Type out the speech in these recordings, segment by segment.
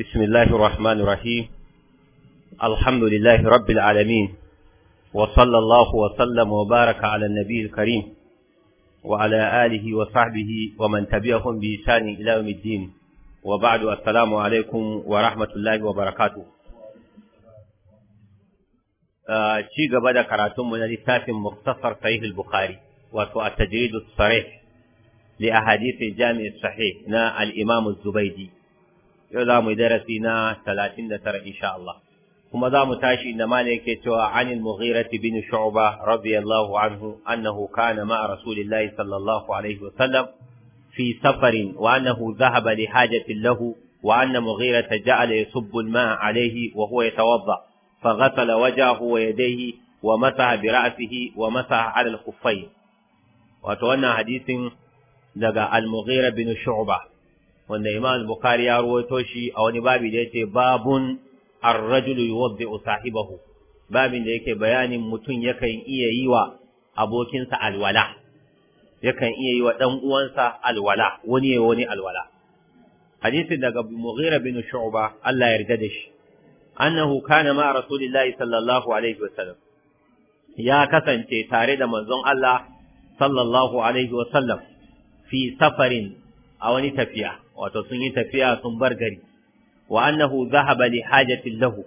بسم الله الرحمن الرحيم الحمد لله رب العالمين وصلى الله وسلم وبارك على النبي الكريم وعلى آله وصحبه ومن تبعهم بإحسان إلى يوم الدين وبعد السلام عليكم ورحمة الله وبركاته آه، شيء gaba كراتم من na مختصر صحيح البخاري وسوء التجريد الصريح لأحاديث الجامع الصحيح نا الإمام الزبيدي yau za mu yi darasi na talatin da tara insha Allah kuma za mu tashi inda ma yake cewa anil mughirati bin shu'ba radiyallahu anhu annahu kana ma'a rasulillahi sallallahu alaihi wa sallam fi safarin wa annahu dhahaba li hajatin lahu wa anna mughirata ja'ala yasubbu al-ma'a alayhi wa huwa yatawadda faghasala wajahu wa yadayhi wa masaha bi ra'sihi wa masaha 'ala al-khuffayn wato wannan hadisin daga al-mughira bin shu'ba wanda Imam Bukhari ya ruwaito shi a wani babi da yake babun ar-rajulu yuwaddi'u sahibahu babin da yake bayanin mutum yakan iya yi wa abokinsa alwala yakan iya yi wa dan uwansa alwala wani ya wani alwala hadisin daga Mughira bin Shu'ba Allah ya yarda da shi annahu kana ma rasulillahi sallallahu alaihi wasallam ya kasance tare da manzon Allah sallallahu alaihi wasallam fi safarin a wani tafiya wato sun yi tafiya sun bar gari wa annahu zahaba li hajatin lahu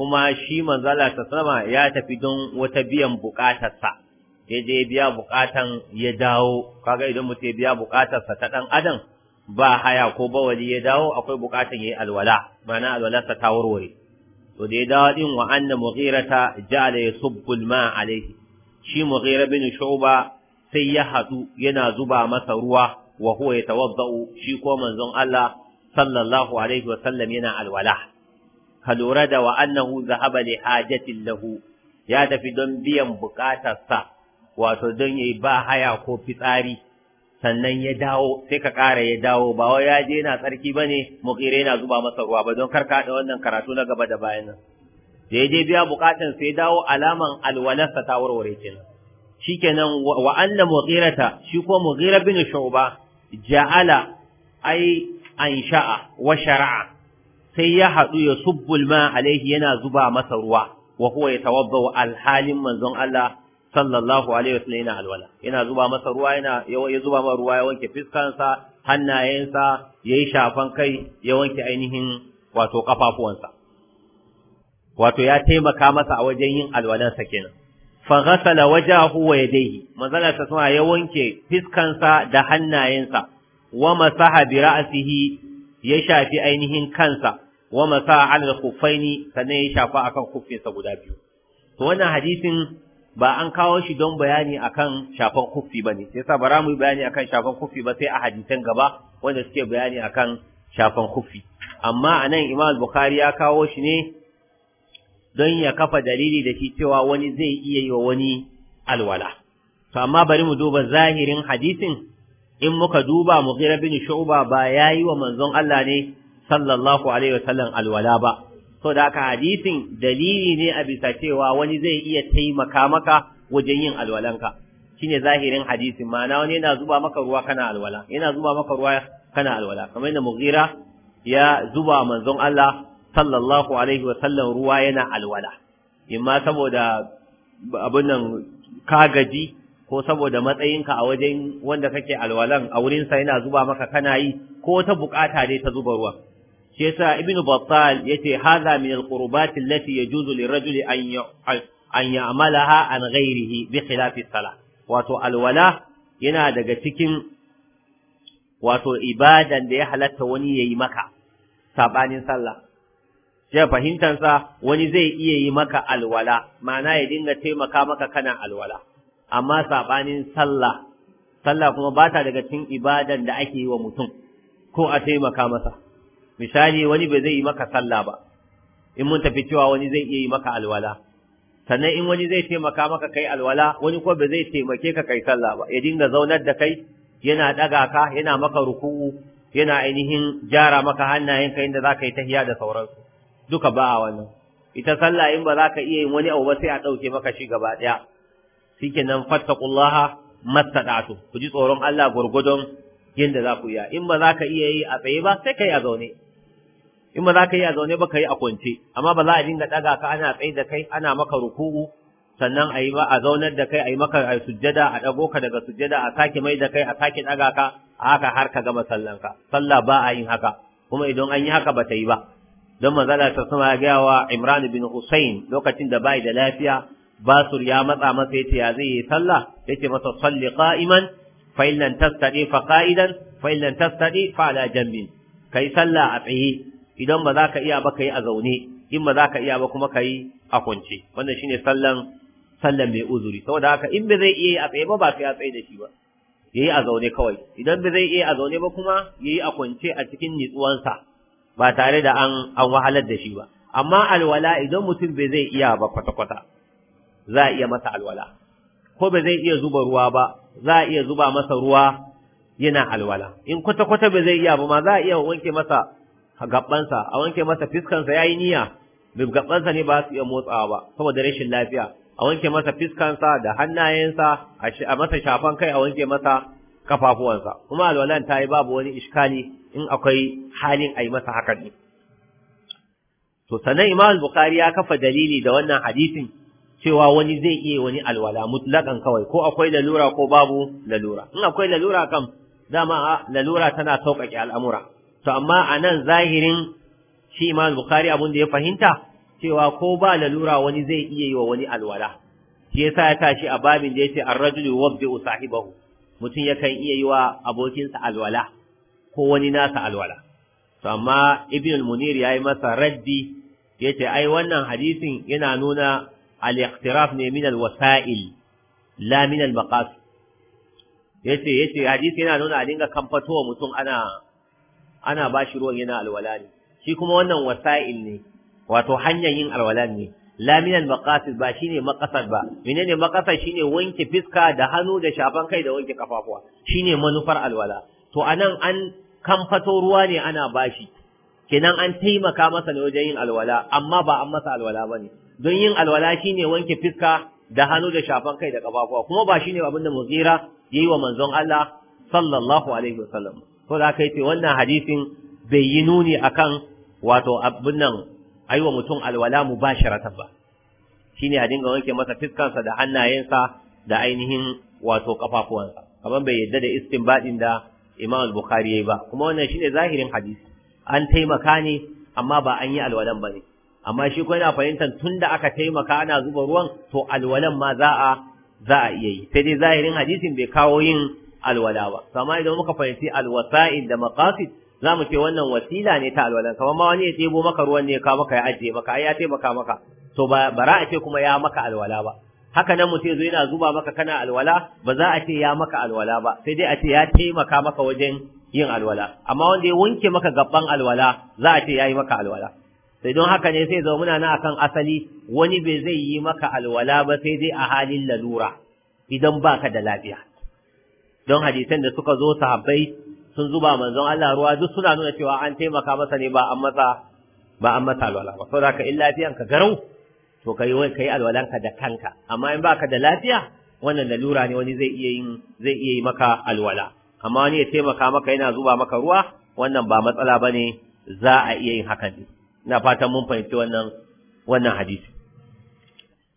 kuma shi manzala ta sama ya tafi don wata biyan bukatarsa ya je biya bukatan ya dawo kaga idan mutum ya biya bukatarsa ta dan adam ba haya ko bawali ya dawo akwai bukatan yayi alwala mana alwalarsa ta warware to da ya dawo din wa anna mughirata ja'ala yasubbu ma'a alayhi shi mughira bin shu'ba sai ya hadu yana zuba masa ruwa wa huwa yatawaddau shi ko manzon Allah sallallahu alaihi wa sallam yana alwala ka lura da wa annahu zahaba li hajatin lahu ya tafi don biyan bukatarsa wato don yayi ba haya ko fitsari sannan ya dawo sai ka ƙara ya dawo ba wai ya je yana tsarki bane muqire yana zuba masa ruwa ba don karka da wannan karatu na gaba da bayan nan da ya je biya bukatan sai dawo alaman alwalarsa ta warware kenan shikenan wa anna mughirata shi ko mughira bin shu'ba ja'ala ai ansha'a wa shar'a sai ya haɗu ya subbul ma alaihi yana zuba masa ruwa wa huwa yatawadda halin manzon Allah sallallahu alaihi wasallam yana alwala yana zuba masa ruwa yana ya zuba masa ruwa ya wanke fiskansa hannayensa yayi shafan kai ya wanke ainihin wato kafafuwansa wato ya taimaka masa a wajen yin alwalansa kenan faghasala huwa ya daihi, manzala ta sama ya wanke fiskansa da hannayensa wa masaha bi ra'sihi ya shafi ainihin kansa wa masaha ala khuffaini sannan ya shafa akan kuffinsa guda biyu to wannan hadisin ba an kawo shi don bayani akan shafan kuffi bane sai yasa bara mu bayani akan shafan kuffi ba sai a hadisan gaba wanda suke bayani akan shafan kuffi amma anan Imam Bukhari ya kawo shi ne don ya kafa dalili da shi cewa wani zai iya yi wa wani alwala to amma bari mu duba zahirin hadisin in muka duba mu mughira bin shu'ba ba ya yi wa manzon Allah ne sallallahu alaihi wasallam alwala ba to da haka hadisin dalili ne a bisa cewa wani zai iya taimaka maka wajen yin alwalanka shine zahirin hadisin ma'ana wani yana zuba maka ruwa kana alwala yana zuba maka ruwa kana alwala kamar yadda mughira ya zuba manzon Allah sallallahu alaihi wa ruwa yana alwala imma saboda abin nan ka gaji ko saboda matsayinka a wajen wanda kake alwalan a wurinsa yana zuba maka kana yi ko ta bukata dai ta zuba ruwa shi yasa ibnu battal yace hadha min alqurbat allati yajuzu lirajuli an an ya'malaha an ghairihi bi khilafi salah wato alwala yana daga cikin wato ibadan da ya halatta wani yayi maka sabanin sallah ya fahimtansa wani zai iya yi maka alwala ma'ana ya dinga taimaka maka kana alwala amma sabanin sallah sallah kuma ba ta daga cikin ibadan da ake yi wa mutum ko a taimaka masa misali wani bai zai yi maka sallah ba in mun tafi cewa wani zai iya yi maka alwala sannan in wani zai taimaka maka kai alwala wani ko bai zai taimake ka kai sallah ba ya dinga zaunar da kai yana daga ka yana maka ruku'u yana ainihin jara maka hannayenka inda za ka yi tahiya da sauransu duka ba a wannan ita sallah in ba za ka iya yin wani abu ba sai a ɗauke maka shi gaba ɗaya shikenan fattaqullaha mastada'tu ku ji tsoron Allah gurgudun yadda za ku iya in ba za ka iya yi a tsaye ba sai ka a zaune in ba za ka yi a zaune ba ka a kwance amma ba za a dinga ɗaga ka ana tsaye da kai ana maka ruku'u sannan a yi ba a zaunar da kai a yi maka a sujjada a ɗago ka daga sujjada a sake mai da kai a sake ɗaga ka a haka har ka gama sallanka sallah ba a yin haka kuma idan an yi haka ba ta yi ba don manzala ta sama ya gaya wa Imran bin Hussein lokacin da bai da lafiya basur ya matsa masa yace ya zai yi sallah yace masa salli qa'iman fa in lam tastadi fa qa'idan fa in lam tastadi fa ala jambin kai sallah a tsaye idan ba za ka iya ba kai a zaune in ba za ka iya ba kuma kai a kwance wannan shine sallan sallan mai uzuri saboda haka in ba zai iya a tsaye ba ba sai a tsaye da shi ba yayi a zaune kawai idan ba zai iya a zaune ba kuma yayi a kwance a cikin nitsuwansa ba tare da an an wahalar da shi ba amma alwala idan mutum bai zai iya ba kwata-kwata za a iya masa alwala ko bai zai iya zuba ruwa ba za a iya zuba masa ruwa yana alwala in kwata-kwata bai zai iya ba ma za a iya wanke masa gabbansa a wanke masa fiskansa yayi niyya gabbansa ne ba su iya motsawa ba saboda rashin lafiya a wanke masa fiskansa da hannayensa a masa shafan kai a wanke masa kafafuwansa kuma alwalan ta yi babu wani iskali in akwai halin a yi masa haka ne to sannan imam bukhari ya kafa dalili da wannan hadisin cewa wani zai iya wani alwala mutlakan kawai ko akwai lalura ko babu lalura in akwai lalura kam dama lalura tana sauƙaƙe al'amura to amma a nan zahirin shi imam bukhari abin da ya fahimta cewa ko ba lalura wani zai iya yi wa wani alwala shi yasa ya tashi a babin da yace ar-rajulu wabdi'u sahibahu mutum yakan iya yi wa abokinsa alwala ko wani nasa alwala to amma ibn munir ya yi masa raddi ce ai wannan hadisin yana nuna al-iqtiraf ne min al-wasa'il la min al-maqasid yace yace hadisi yana nuna a dinga kamfatowa mutum ana ana bashi ruwan yana alwala ne shi kuma wannan wasa'il ne wato hanyar yin alwala ne la min al maqasid ba shine maqasad ba menene maqasad shine wanke fiska da hannu da shafan kai da wanke kafafuwa shine manufar alwala to anan an kamfato ruwa ne ana bashi kenan an taimaka masa ne wajen yin alwala amma ba an masa alwala bane don yin alwala shine wanke fiska da hannu da shafan kai da kafafuwa kuma ba shine abin da muzira yayi wa manzon Allah sallallahu alaihi wasallam to da kai ce wannan hadisin bai yi akan wato abin nan a yi wa mutum alwala mu ba shi ba shi ne a dinga wanke masa fiskansa da hannayensa da ainihin wato kafafuwansa kamar bai yadda da baɗin da imam al-bukhari yayi ba kuma wannan shine zahirin hadisi an taimaka ne amma ba an yi alwalan ba ne. amma shi ko yana fahimtar da aka taimaka ana zuba ruwan to alwalan ma za a za a iya yi sai dai zahirin hadisin bai kawo yin alwala ba amma idan muka fahimci alwasa'il da maqasid za mu ce wannan wasila ne ta alwalan kamar ma wani ya tebo maka ruwan ne ka maka ya ajiye maka ai ya taimaka maka to ba bara a ce kuma ya maka alwala ba haka nan mutum zo yana zuba maka kana alwala ba za a ce ya maka alwala ba sai dai a ce ya taimaka maka wajen yin alwala amma wanda ya wanke maka gaban alwala za a ce ya yi maka alwala sai don haka ne sai zama muna na akan asali wani bai zai yi maka alwala ba sai dai a halin lalura idan baka da lafiya don hadisan da suka zo sahabbai sun zuba manzon Allah ruwa duk suna nuna cewa an taimaka masa ne ba an masa ba an masa alwala ba saboda ka in lafiyanka garau to kai wai kai alwalanka da kanka amma in baka da lafiya wannan lalura ne wani zai iya yin zai iya yi maka alwala amma wani ya taimaka maka yana zuba maka ruwa wannan ba matsala bane za a iya yin hakan ne ina fatan mun fahimci wannan wannan hadisi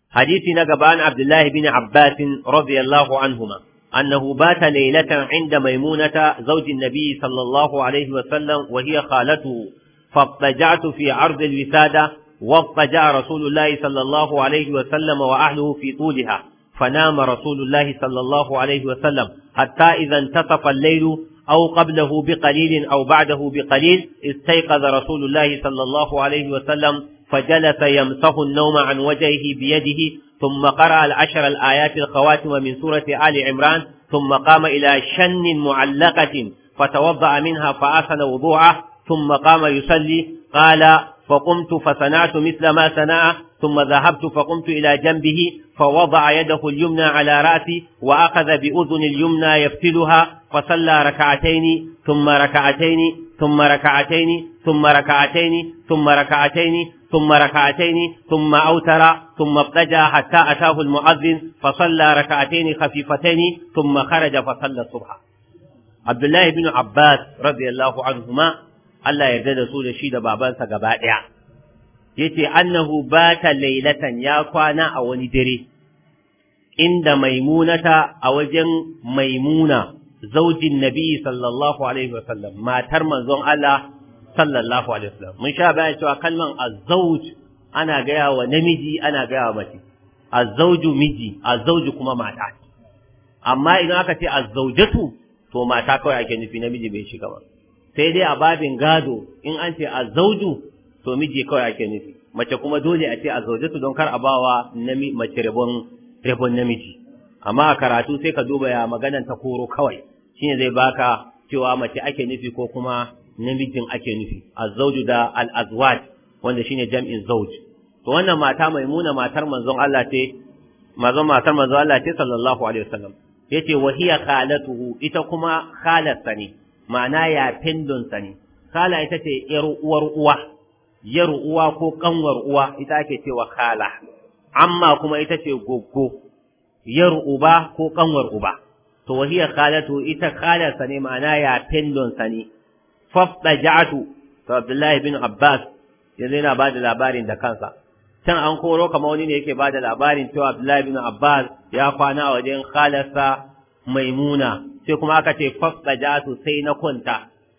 hadisi na gaban Abdullahi bin Abbas radiyallahu anhuma أنه بات ليلة عند ميمونة زوج النبي صلى الله عليه وسلم وهي خالته فاضطجعت في عرض الوسادة واضطجع رسول الله صلى الله عليه وسلم وأهله في طولها فنام رسول الله صلى الله عليه وسلم حتى إذا انتصف الليل أو قبله بقليل أو بعده بقليل استيقظ رسول الله صلى الله عليه وسلم فجلس يمسح النوم عن وجهه بيده ثم قرأ العشر الآيات القواتم من سورة آل عمران ثم قام إلى شن معلقة فتوضأ منها فأحسن وضوعه ثم قام يصلي قال فقمت فصنعت مثل ما صنع ثم ذهبت فقمت إلى جنبه فوضع يده اليمنى على رأسي وأخذ بأذن اليمنى يفتلها فصلى ركعتين ثم ركعتين ثم ركعتين ثم ركعتين ثم ركعتين ثم ركعتين ثم أوتر ثم اضطجع حتى أتاه المؤذن فصلى ركعتين خفيفتين ثم خرج فصلى الصبح عبد الله بن عباس رضي الله عنهما Allah yarda da su da shi da babansa gaba ɗaya. Yace annahu bata lailatan ya kwana a wani dare inda maimunata a wajen maimuna zaujin nabi sallallahu alaihi matar manzon Allah sallallahu alaihi wasallam mun sha bayan cewa kalman azzauj ana gaya wa namiji ana gaya wa mace azzauju miji azzauju kuma mata amma idan aka ce azzaujatu to mata kawai ake nufi namiji bai shiga ba sai dai a babin gado in an ce azzauju to miji kawai ake nufi mace kuma dole a ce azzaujatu don kar a bawa mace rabon rabon namiji amma a karatu sai ka duba ya maganan ta koro kawai shine zai baka cewa mace ake nufi ko kuma namijin ake nufi azzauju da al wanda shine jam'in zauj to wannan mata maimuna matar manzon Allah ce manzon matar manzon Allah ce sallallahu alaihi wasallam yace wa hiya khalatuhu ita kuma khalatsa ne ma'ana ya pindon sa ne khala ita ce yar uwar uwa yar uwa ko kanwar uwa ita ake cewa khala amma kuma ita ce goggo yar uba ko kanwar uba to wahiya khalatu ita khalarsa ne ma'ana ya pendon sa ne fafdaja'tu to Abdullahi bin Abbas yanzu yana ba da labarin da kansa can an koro kamar wani ne yake ba da labarin cewa Abdullahi bin Abbas ya kwana a wajen khalasa maimuna sai kuma aka ce fafdaja'tu sai na kwanta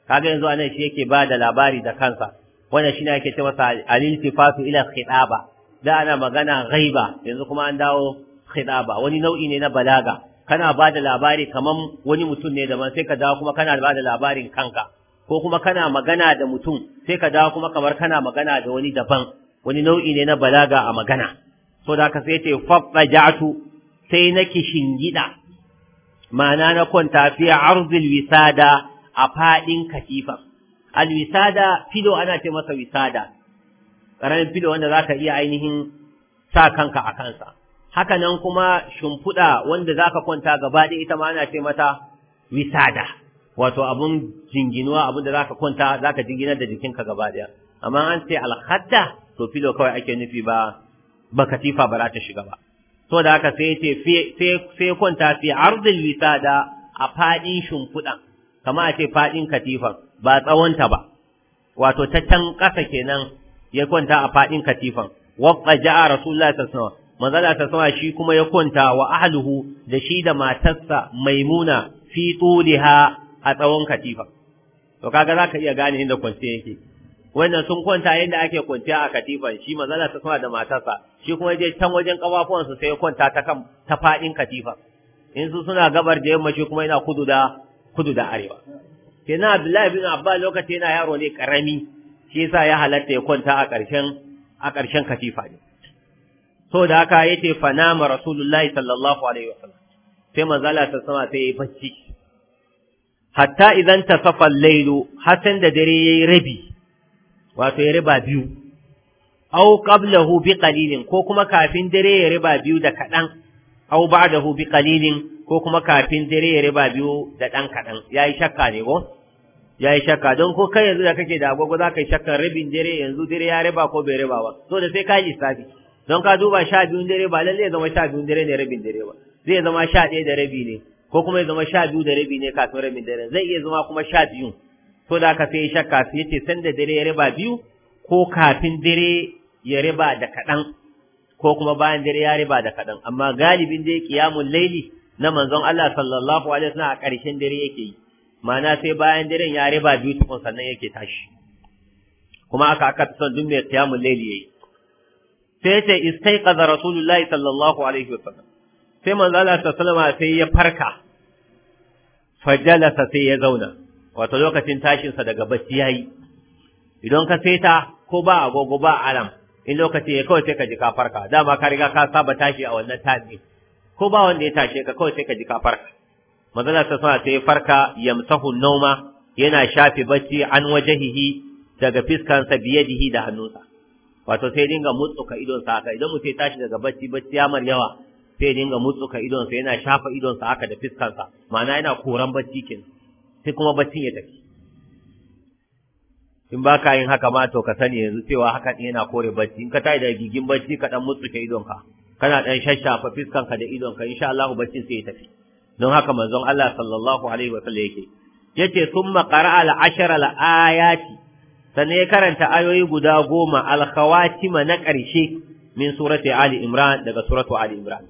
kaga yanzu anan shi yake ba da labari da kansa wannan shine yake ce masa al-iltifatu ila khitaba da ana magana ghaiba yanzu kuma an dawo khitaba wani nau'i ne na balaga kana bada labari kaman wani mutum ne daban sai ka dawo kuma kana ba da labarin kanka ko kuma kana magana da mutum sai ka dawo kuma kamar kana magana da wani daban wani nau'i ne na balaga a magana so da ka sai ce fafajatu sai na kishingida ma'ana na kwanta fi arzil wisada a faɗin katifa wisada, filo ana ce masa wisada ƙaramin filo wanda za iya ainihin sa kanka a kansa haka nan kuma shimfiɗa wanda zaka kwanta gaba ɗaya ita ma ana ce mata wisada wato abun jinginuwa abun da zaka kwanta zaka jingina da jikinka gaba daya amma an ce alhadda to filo kawai ake nufi ba ba katifa ba za ta shiga ba To da haka sai ce sai kwanta fi ardil wisada a fadin shimfiɗa, kamar a ce fadin katifan ba tsawonta ba wato ta can ƙasa kenan ya kwanta a fadin katifan wakka ja'a rasulullahi sallallahu alaihi wasallam manzala ta sama shi kuma ya kwanta wa ahluhu da shi da matarsa maimuna fi tuliha a tsawon katifa to kaga za ka iya gane inda kwanciya yake wannan sun kwanta yadda ake kwanciya a katifan shi mazala ta suna da matarsa shi kuma je can wajen ƙafafuwansu sai ya kwanta ta kan ta faɗin katifa in su suna gabar da yamma shi kuma yana kudu da kudu da arewa kenan Abdullahi bin Abba lokaci yana yaro ne karami shi yasa ya halatta ya kwanta a ƙarshen a ƙarshen katifa ne so da haka yace fa ma rasulullahi sallallahu alaihi wasallam sai manzala ta sama sai ya bacci hatta idan ta safar lailu hasan da dare ya yi rabi wato ya riba biyu au qablahu bi qalilin ko kuma kafin dare ya riba biyu da kaɗan au ba'dahu bi qalilin ko kuma kafin dare ya riba biyu da ɗan kaɗan yayi shakka ne ko yayi shakka don ko kai yanzu da kake da agogo zaka yi shakkan rabin dare yanzu dare ya riba ko bai riba ba to da sai ka yi lissafi don ka duba sha biyun dare ba lalle ya zama sha biyun dare ne rabin dare ba zai zama sha ɗaya da rabi ne ko kuma ya zama sha biyu da rabi ne kafin rabin dare zai iya zama kuma sha biyu to da ka sai shakka sai yace san da dare ya riba biyu ko kafin dare ya riba da kaɗan ko kuma bayan dare ya riba da kaɗan amma galibin dai kiyamun laili na manzon Allah sallallahu alaihi wasallam a ƙarshen dare yake yi ma'ana sai bayan daren ya riba biyu tukun sannan yake tashi kuma aka aka fi son duk mai kiyamun laili yayi sai yace istaiqaza rasulullahi sallallahu alaihi wasallam sai manzala ta salama sai ya farka fajalasa sai ya zauna wato lokacin tashinsa daga bacci ya yi idan ka saita ko ba agogo ba alam in lokaci ya kawai sai ka ji ka farka dama ka riga ka saba tashi a wannan tashi ko ba wanda ya tashi ka kawai sai ka ji ka farka manzala ta salama sai ya farka yamsahu nauma yana shafe bacci an wajahihi daga fiskansa biyadihi da hannunsa wato sai dinga mutsuka idon sa haka idan mutum ya tashi daga bacci bacci ya mar yawa sai dinga mutsuka idonsa yana shafa idonsa haka da fiskansa ma'ana yana koran bacci kenan sai kuma baccin ya tafi in ba ka yin haka ma to ka sani yanzu cewa haka din yana kore bacci in ka tayi da gigin bacci ka ɗan mutsuke idonka kana ɗan shashafa fiskanka da idonka insha Allah baccin sai ya tafi don haka manzon Allah sallallahu alaihi wa sallam yake yace summa qara'a al-ashara al-ayati sanne ya karanta ayoyi guda goma al-khawatima na ƙarshe min surati ali imran daga suratu ali imran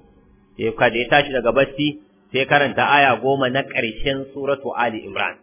ka da ya tashi daga bacci sai karanta aya 10 na ƙarshen suratu ali imran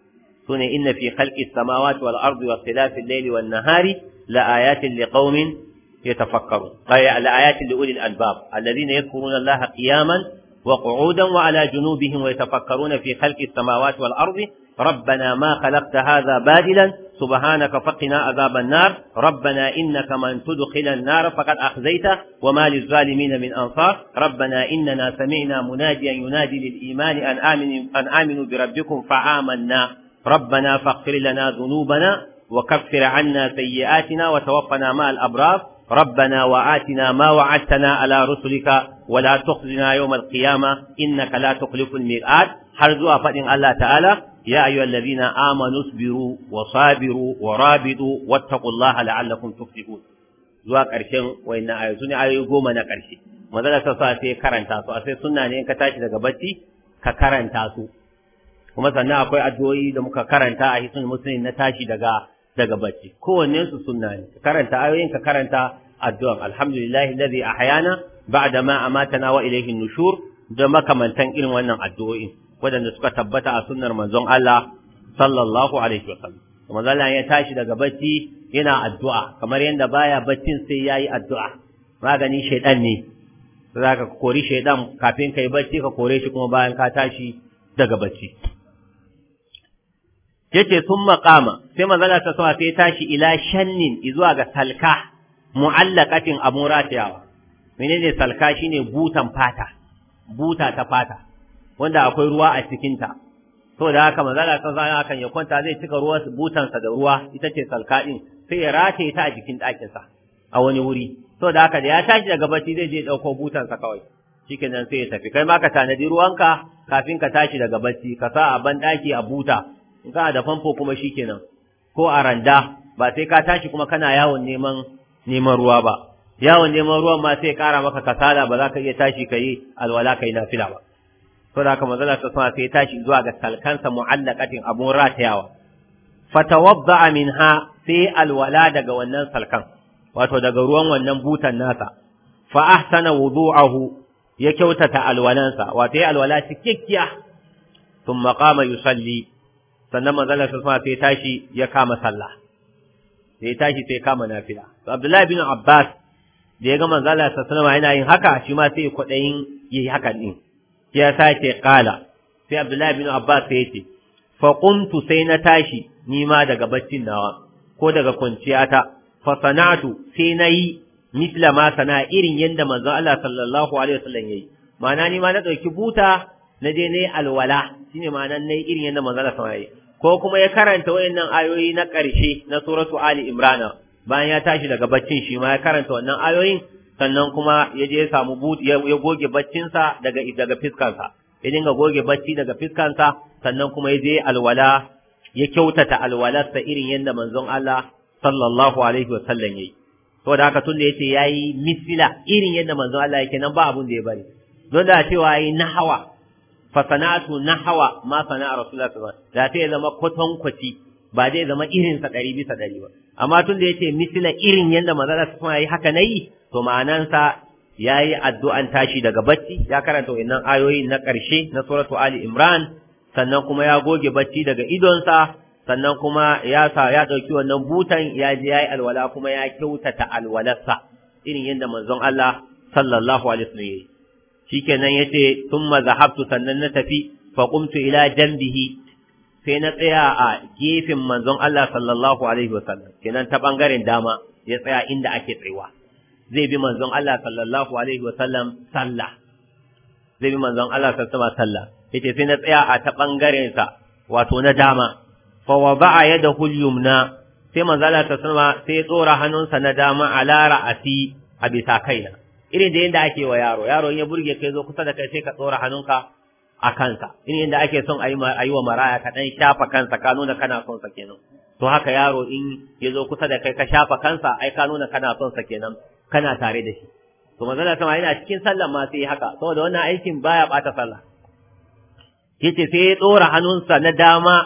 sune inna fi khalqi samawati wal ardi wa ikhtilafi al-layli wan nahari la ayatin liqaumin yatafakkarun ay la ayatin li ulil albab alladhina yadhkuruna allaha qiyaman wa qu'udan wa ala junubihim wa yatafakkaruna fi khalqi samawati wal ardi rabbana ma khalaqta hadha badilan سبحانك فقنا عذاب النار ربنا إنك من تدخل النار فقد أخزيته وما للظالمين من أنصار ربنا إننا سمعنا مناديا ينادي للإيمان أن آمنوا, أن آمنوا بربكم فآمنا ربنا فاغفر لنا ذنوبنا وكفر عنا سيئاتنا وتوفنا مع الأبرار ربنا وآتنا ما وعدتنا على رسلك ولا تخزنا يوم القيامة إنك لا تخلف الميعاد حرزوا فإن الله تعالى يا أيها الذين آمنوا اصبروا وصابروا ورابطوا واتقوا الله لعلكم تفلحون zuwa ƙarshen wayan ayoyi sun goma na ƙarshe manzala ta sa karanta su a sai sunna tashi daga bacci ka karanta su kuma sannan akwai addu'o'i da muka karanta a hisun musulmi na tashi daga bacci kowanne su karanta ayoyin ka karanta addu'an alhamdulillahi alladhi ahyana ba'da ma amatana wa ilayhi nushur da makamantan irin wannan addu'o'in waɗanda suka tabbata a sunnar manzon Allah sallallahu alaihi wasallam kuma zallan ya tashi daga bacci yana addu'a kamar yadda baya baccin sai yayi addu'a magani shaidan ne za ka kori shaidan kafin kai bacci ka kore shi kuma bayan ka tashi daga bacci yace sun maƙama sai manzala ta sawa sai tashi ila shannin zuwa ga salka mu'allaqatin amuratiyawa menene salka shine butan fata buta ta fata wanda akwai ruwa a cikinta to da haka manzala kan zana kan ya kwanta zai cika ruwa butansa da ruwa ita ce salka ɗin sai ya rataye ta a jikin ɗakinsa a wani wuri to da haka da ya tashi daga bacci zai je ɗauko butansa kawai shikenan sai ya tafi kai ma ka tanadi ruwanka kafin ka tashi daga bacci ka sa a ban ɗaki a buta in ka da famfo kuma shikenan ko a randa ba sai ka tashi kuma kana yawon neman neman ruwa ba yawon neman ruwan ma sai ya kara maka kasala ba za ka iya tashi ka yi alwala ka yi nafila ba saboda haka manzon Allah sallallahu alaihi wasallam sai tashi zuwa ga salkansa mu'allaqatin abun ratayawa fatawadda'a minha sai alwala daga wannan salkan wato daga ruwan wannan butan nasa fa ahsana wudu'ahu ya kyautata alwalansa wato ya alwala cikakkiya thumma qama yusalli sannan manzon Allah sallallahu alaihi wasallam sai tashi ya kama sallah sai tashi sai kama nafila to Abdullahi bin Abbas da ya ga manzon Allah sallallahu alaihi wasallam yana yin haka shi ma sai kwaɗayin yayi haka din ya sake kala sai abdullahi bin abbas ya ce fa qumtu sai na tashi ni ma daga baccin nawa ko daga kwanciyata fa sana'tu sai nayi misla ma sana irin yanda manzo Allah sallallahu alaihi wasallam yayi ma'ana ni ma na dauki buta na je nayi alwala shine ma'anan nayi irin yanda manzo Allah sallallahu alaihi wasallam ko kuma ya karanta wayannan ayoyi na ƙarshe na suratu ali imran bayan ya tashi daga baccin shi ma ya karanta wannan ayoyin sannan kuma ya je ya samu but ya goge baccinsa daga daga fiskansa ya dinga goge bacci daga fiskansa sannan kuma ya je alwala ya kyautata alwalarsa irin yadda manzon Allah sallallahu alaihi wa sallam yayi to da haka tunda yace yayi misila irin yadda manzon Allah yake nan ba abun da ya bari don da cewa yayi nahawa fa sana'atu nahawa ma sana'a rasulullahi sallallahu alaihi wa sallam da ta zama kwaton kwaci ba zai zama irin sa ɗari bisa ɗari ba amma tun da yace misila irin yadda manzala su kuma yi haka nayi to ma'anansa yayi addu'an tashi daga bacci ya karanta wannan ayoyi na ƙarshe na suratu ali imran sannan kuma ya goge bacci daga idonsa sannan kuma ya sa ya dauki wannan butan ya je yayi alwala kuma ya kyautata alwalarsa irin yadda manzon Allah sallallahu alaihi wasallam yayi shikenan yace thumma zahabtu sannan na tafi fa qumtu ila janbihi sai na tsaya a gefen manzon Allah sallallahu alaihi wasallam kenan ta bangaren dama ya tsaya inda ake tsayuwa zai bi manzon Allah sallallahu alaihi wasallam sallah zai bi manzon Allah sallallahu alaihi sallah yace sai na tsaya a ta bangaren sa wato na dama fa wada'a yadahu al-yumna sai manzon Allah sallallahu alaihi sai tsora hannunsa na dama ala ra'asi a bisa kaina irin da yanda ake wa yaro yaro in ya burge kai zo kusa da kai sai ka tsora hannunka a kansa in inda ake son a yi wa maraya ka dan shafa kansa ka nuna kana son sa kenan to haka yaro in ya zo kusa da kai ka shafa kansa ai ka nuna kana son sa kenan kana tare da shi to manzala sama yana cikin sallan ma sai haka saboda wannan aikin baya bata sallah yace sai ya tsora hannunsa na dama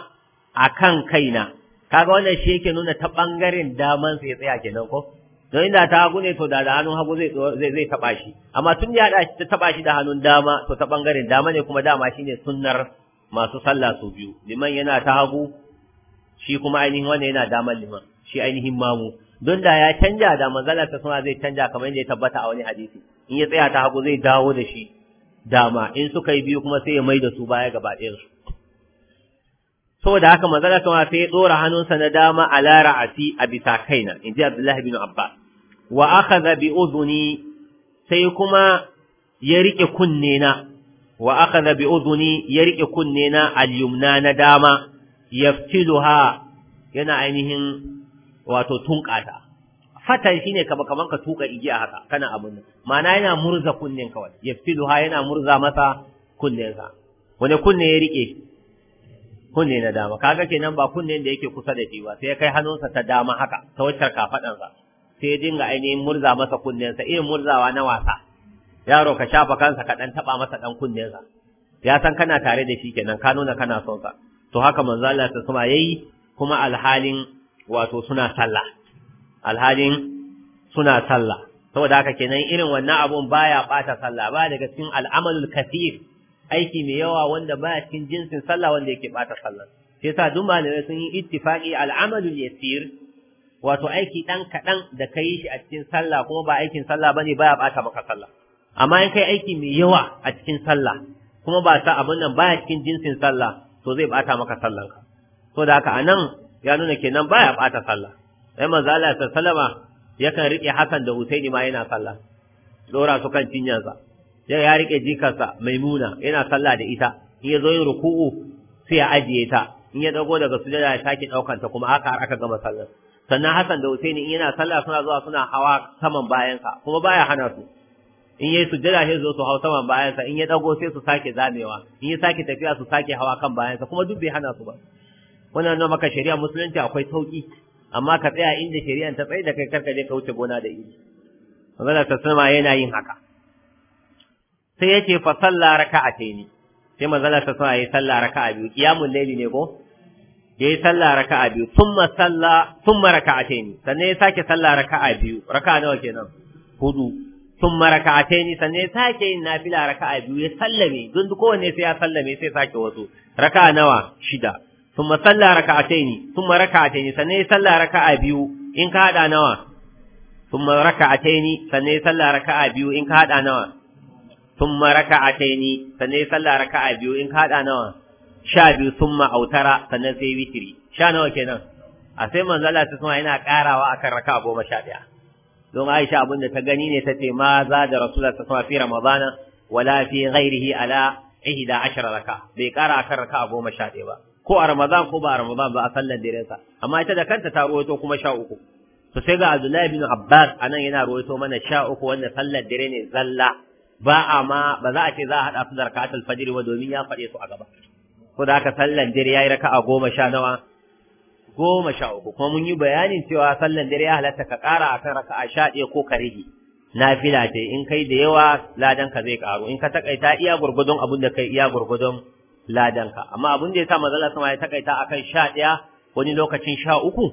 akan kaina kaga wannan shi yake nuna ta bangaren daman sai ya tsaya kenan ko don inda ta hagu ne to da da hannun hagu zai zai taba shi amma tun ya hada ta taba shi da hannun dama to ta bangaren dama ne kuma dama shine sunnar masu sallah su biyu liman yana ta hagu shi kuma ainihin wanda yana damar liman shi ainihin mamu don da ya canja da manzalar ta suna zai canja kamar yadda ya tabbata a wani hadisi in ya tsaya ta hagu zai dawo da shi dama in suka yi biyu kuma sai ya mai da su baya gaba su saboda haka manzala sama sai ya dora hannunsa na dama ala ra'asi a bisa kaina in ji Abdullahi bin Abbas wa akhadha bi uzuni sai kuma ya rike kunne na wa akhadha bi uzuni ya rike kunne na alyumna na dama yaftiluha yana ainihin wato tunƙata. fatan shine kaba kaman ka tuka a haka kana abun nan ma'ana yana murza kunnen kawai yaftiluha yana murza masa kunnensa wani kunne ya rike kunne na dama kaga kenan ba kunnen da yake kusa da shi ba sai kai hannunsa ta dama haka ta wacce kafaɗansa sai dinga ainihin murza masa kunnensa irin murzawa na wasa yaro ka shafa kansa ka dan taba masa dan kunnensa ya san kana tare da shi kenan ka nuna kana son sa to haka manzo Allah ta sama yayi kuma alhalin wato suna sallah alhalin suna sallah saboda haka kenan irin wannan abun baya bata sallah ba daga cikin al'amalul kathir aiki mai yawa wanda baya cikin jinsin sallah wanda yake bata sallah sai sa duk malamai sun yi ittifaqi al'amalul yasir wato aiki ɗan kaɗan da ka yi shi a cikin sallah kuma ba aikin sallah bane baya bata maka sallah amma in kai aiki mai yawa a cikin sallah kuma ba sa abin nan baya cikin jinsin sallah to zai bata maka sallanka to da haka anan ya nuna kenan baya bata sallah sai manzo Allah sallama yakan rike hakan da Usaini ma yana sallah dora su kan cinyansa sai ya rike jikarsa Maimuna yana sallah da ita in ya zo yin ruku'u sai ya ajiye ta in ya dago daga sujada ya sake ɗaukanta kuma aka har aka gama sallar sannan Hassan da Husaini in yana sallah suna zuwa suna hawa saman bayansa kuma baya hana su in yayi jira sai zo su hau saman bayansa in ya dago sai su sake zamewa in ya sake tafiya su sake hawa kan bayansa kuma duk bai hana su ba wannan nan maka shari'a musulunci akwai sauki amma ka tsaya inda shari'a ta tsaye da kai karka je ka wuce gona da iri magana ta sama yana yin haka sai yace fa salla raka'ataini sai manzala ta sama yayi salla raka'a biyu qiyamul layli ne ko yayi sallah raka'a biyu thumma salla thumma raka'atayn sannan ya sake sallah raka'a biyu raka'a nawa kenan hudu thumma raka'atayn sannan ya sake yin nafila raka'a biyu ya sallame don duk kowanne sai ya sallame sai sake wasu raka'a nawa shida ma salla raka'atayn thumma raka'atayn sannan ya salla raka'a biyu in ka hada nawa thumma raka'atayn sannan ya salla raka'a biyu in ka hada nawa thumma raka'atayn sannan ya salla raka'a biyu in ka hada nawa sha biyu sun ma'autara sannan sai witiri sha nawa kenan a sai manzala ta yana karawa akan raka goma sha ɗaya don aisha abin da ta gani ne ta ce ma za da rasulullah ta suma fi ramadana wala fi ghairihi ala ihda ashara raka bai kara akan raka goma sha ɗaya ba ko a ramadan ko ba a ramadan ba a sallar dirensa amma ita da kanta ta ruwaito kuma sha uku to sai ga abdullahi bin abbas anan yana ruwaito mana sha uku wanda sallar dire ne zalla ba a ma ba za a ce za a haɗa su da rakatul fajr ba domin ya faɗe su a gaba ko da aka sallan dare yayi raka'a goma sha nawa goma sha uku kuma mun yi bayanin cewa sallan dare ya halatta ka ƙara akan raka'a sha ɗaya ko ka rage nafila ce in kai da yawa ladanka zai ƙaru in ka takaita iya gurgudun abin da kai iya gurgudun ladanka amma abin da ya sa manzala sama ya takaita akan sha ɗaya wani lokacin sha uku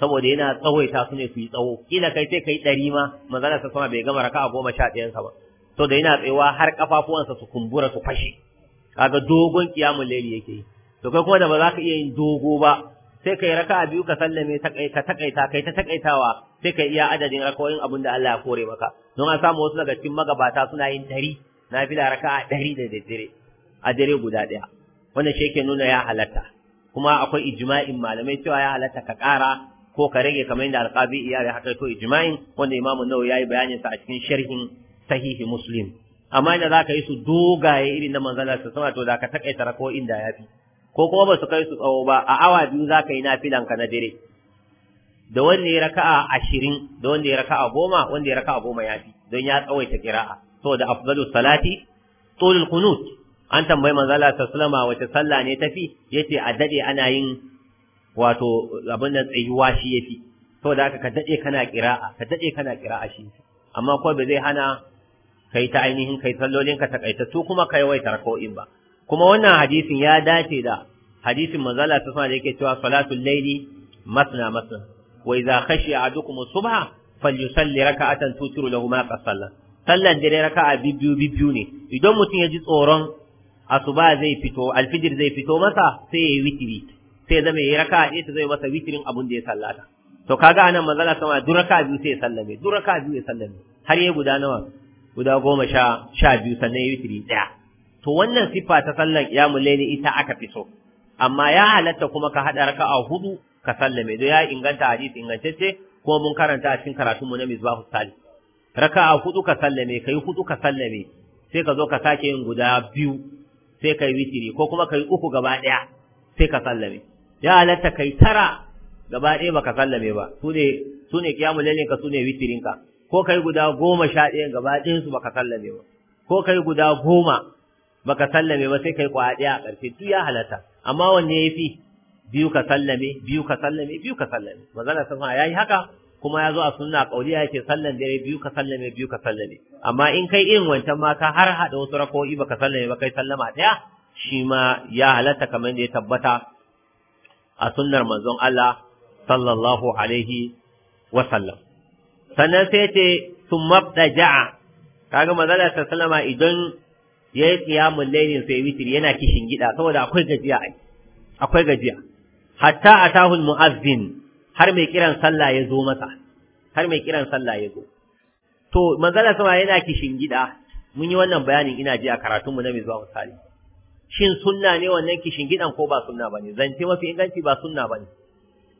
saboda yana tsawaita su ne su yi tsawo kila kai sai kai ɗari ma manzala sama bai gama raka'a goma sha ɗayansa ba to da yana tsayawa har kafafuwansa su kumbura su fashe kaga dogon qiyamul layli yake yi to kai kuma da ba za ka iya yin dogo ba sai kai raka'a biyu ka sallame ta kai ka takaita kai ta takaitawa sai kai iya adadin rakawoyin abin da Allah ya kore maka don an samu wasu daga cikin magabata suna yin dari nafila raka'a dari da daddare a dare guda ɗaya. wannan shi yake nuna ya halatta kuma akwai ijma'in malamai cewa ya halatta ka ƙara ko ka rage kamar yadda alqabi iyari haka to ijma'in wanda imamu nawawi yayi bayanin sa a cikin sharhin sahihi muslim amma da za ka yi su dogaye irin na manzala su sama to da ka takaita rako inda ya fi ko kuma ba su kai su tsawo ba a awa biyu za ka yi nafilan ka na dare da wanda ya raka'a ashirin da wanda ya raka'a goma wanda ya raka'a goma ya fi don ya tsawaita kira'a da afdalu salati tulul qunut an tambayi manzala sallama wace sallah ne tafi yace a dade ana yin wato abin da tsayuwa shi yafi saboda haka ka dade kana kira'a ka dade kana kira'a shi amma ko ba zai hana kai ta ainihin kai sallolin ka takaitattu kuma kai wai tarko'in ba kuma wannan hadisin ya dace da hadisin manzala ta da yake cewa salatul laili masna masna wa idza khashiya ahadukum subha falyusalli raka'atan tutiru lahu ma qasalla sallan dare raka'a biyu biyu ne idan mutum ya ji tsoron asuba zai fito alfijir zai fito masa sai ya yi witiri sai zama ya yi raka'a ɗaya ta zai masa witirin abin da ya sallata to kaga anan manzala sama duraka biyu sai ya sallame duraka biyu ya sallame har ya guda nawa guda goma sha sha biyu sannan ya witiri ɗaya to wannan siffa ta sallar qiyamul layli ita aka fi so amma ya halatta kuma ka haɗa raka a hudu ka sallame don ya inganta hadisi ingantacce kuma mun karanta a cikin karatunmu na misbahu Raka a hudu ka sallame yi hudu ka sallame sai ka zo ka sake yin guda biyu sai ka yi witiri ko kuma ka yi uku gaba ɗaya sai ka sallame ya halatta ka yi tara gaba ɗaya ka sallame ba su ne su ne kiyamu lalinka su ne witirinka ko kai guda goma sha ɗayan gaba ɗinsu baka sallame ba ko kai guda goma baka sallame ba sai kai kwa ɗaya a ƙarshe duk ya halatta amma wanne ya fi biyu ka sallame biyu ka sallame biyu ka sallame magana sun ya yi haka kuma ya zo a sunna kauliya yake sallan dare biyu ka sallame biyu ka sallame amma in kai irin wancan ma ka har haɗa wasu rako'i baka sallame ba kai sallama ɗaya shi ma ya halatta kamar da ya tabbata a sunnar manzon Allah sallallahu alaihi wa sallam sannan sai ce sun mabda ja'a kaga manzala ta salama idan ya yi tsiyamun lailin sai witir yana kishin gida saboda akwai gajiya ai akwai gajiya hatta a tahun mu'azzin har mai kiran sallah ya zo masa har mai kiran sallah ya zo to manzala sama yana kishin gida mun yi wannan bayanin ina ji a karatunmu na mai zuwa misali shin sunna ne wannan kishin gidan ko ba sunna bane zance mafi inganci ba sunna ne.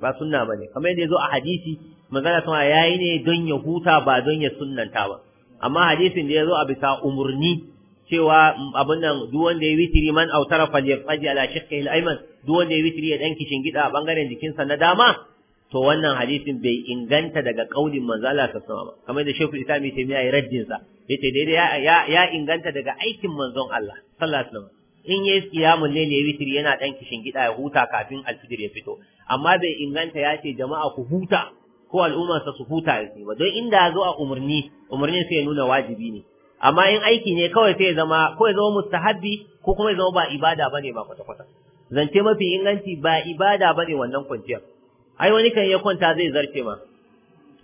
ba sunna bane kamar yadda yazo a hadisi magana sama yayi ne don ya huta ba don ya sunnanta ba amma hadisin da yazo a bisa umurni cewa abin nan duk wanda ya witiri man autara yaqdi ala shaqqihi al-ayman duk wanda ya witiri ya danki kishin gida a bangaren jikinsa na dama to wannan hadisin bai inganta daga kaulin manzo Allah ta sama kamar da Sheikhul Islam ya tayi raddin sa yace daidai ya ya inganta daga aikin manzon Allah sallallahu alaihi wasallam in yayi qiyamul ne ya witr yana dan kishin gida ya huta kafin alfijir ya fito amma bai inganta ya ce jama'a ku huta ko al'umma su huta yake ba don inda ya zo a umurni umurnin sai ya nuna wajibi ne amma in aiki ne kawai sai ya zama ko ya zama mustahabbi ko kuma ya zama ba ibada bane ba kwata kwata zance mafi inganci ba ibada bane wannan kwanciyar ai wani kan ya kwanta zai zarce ma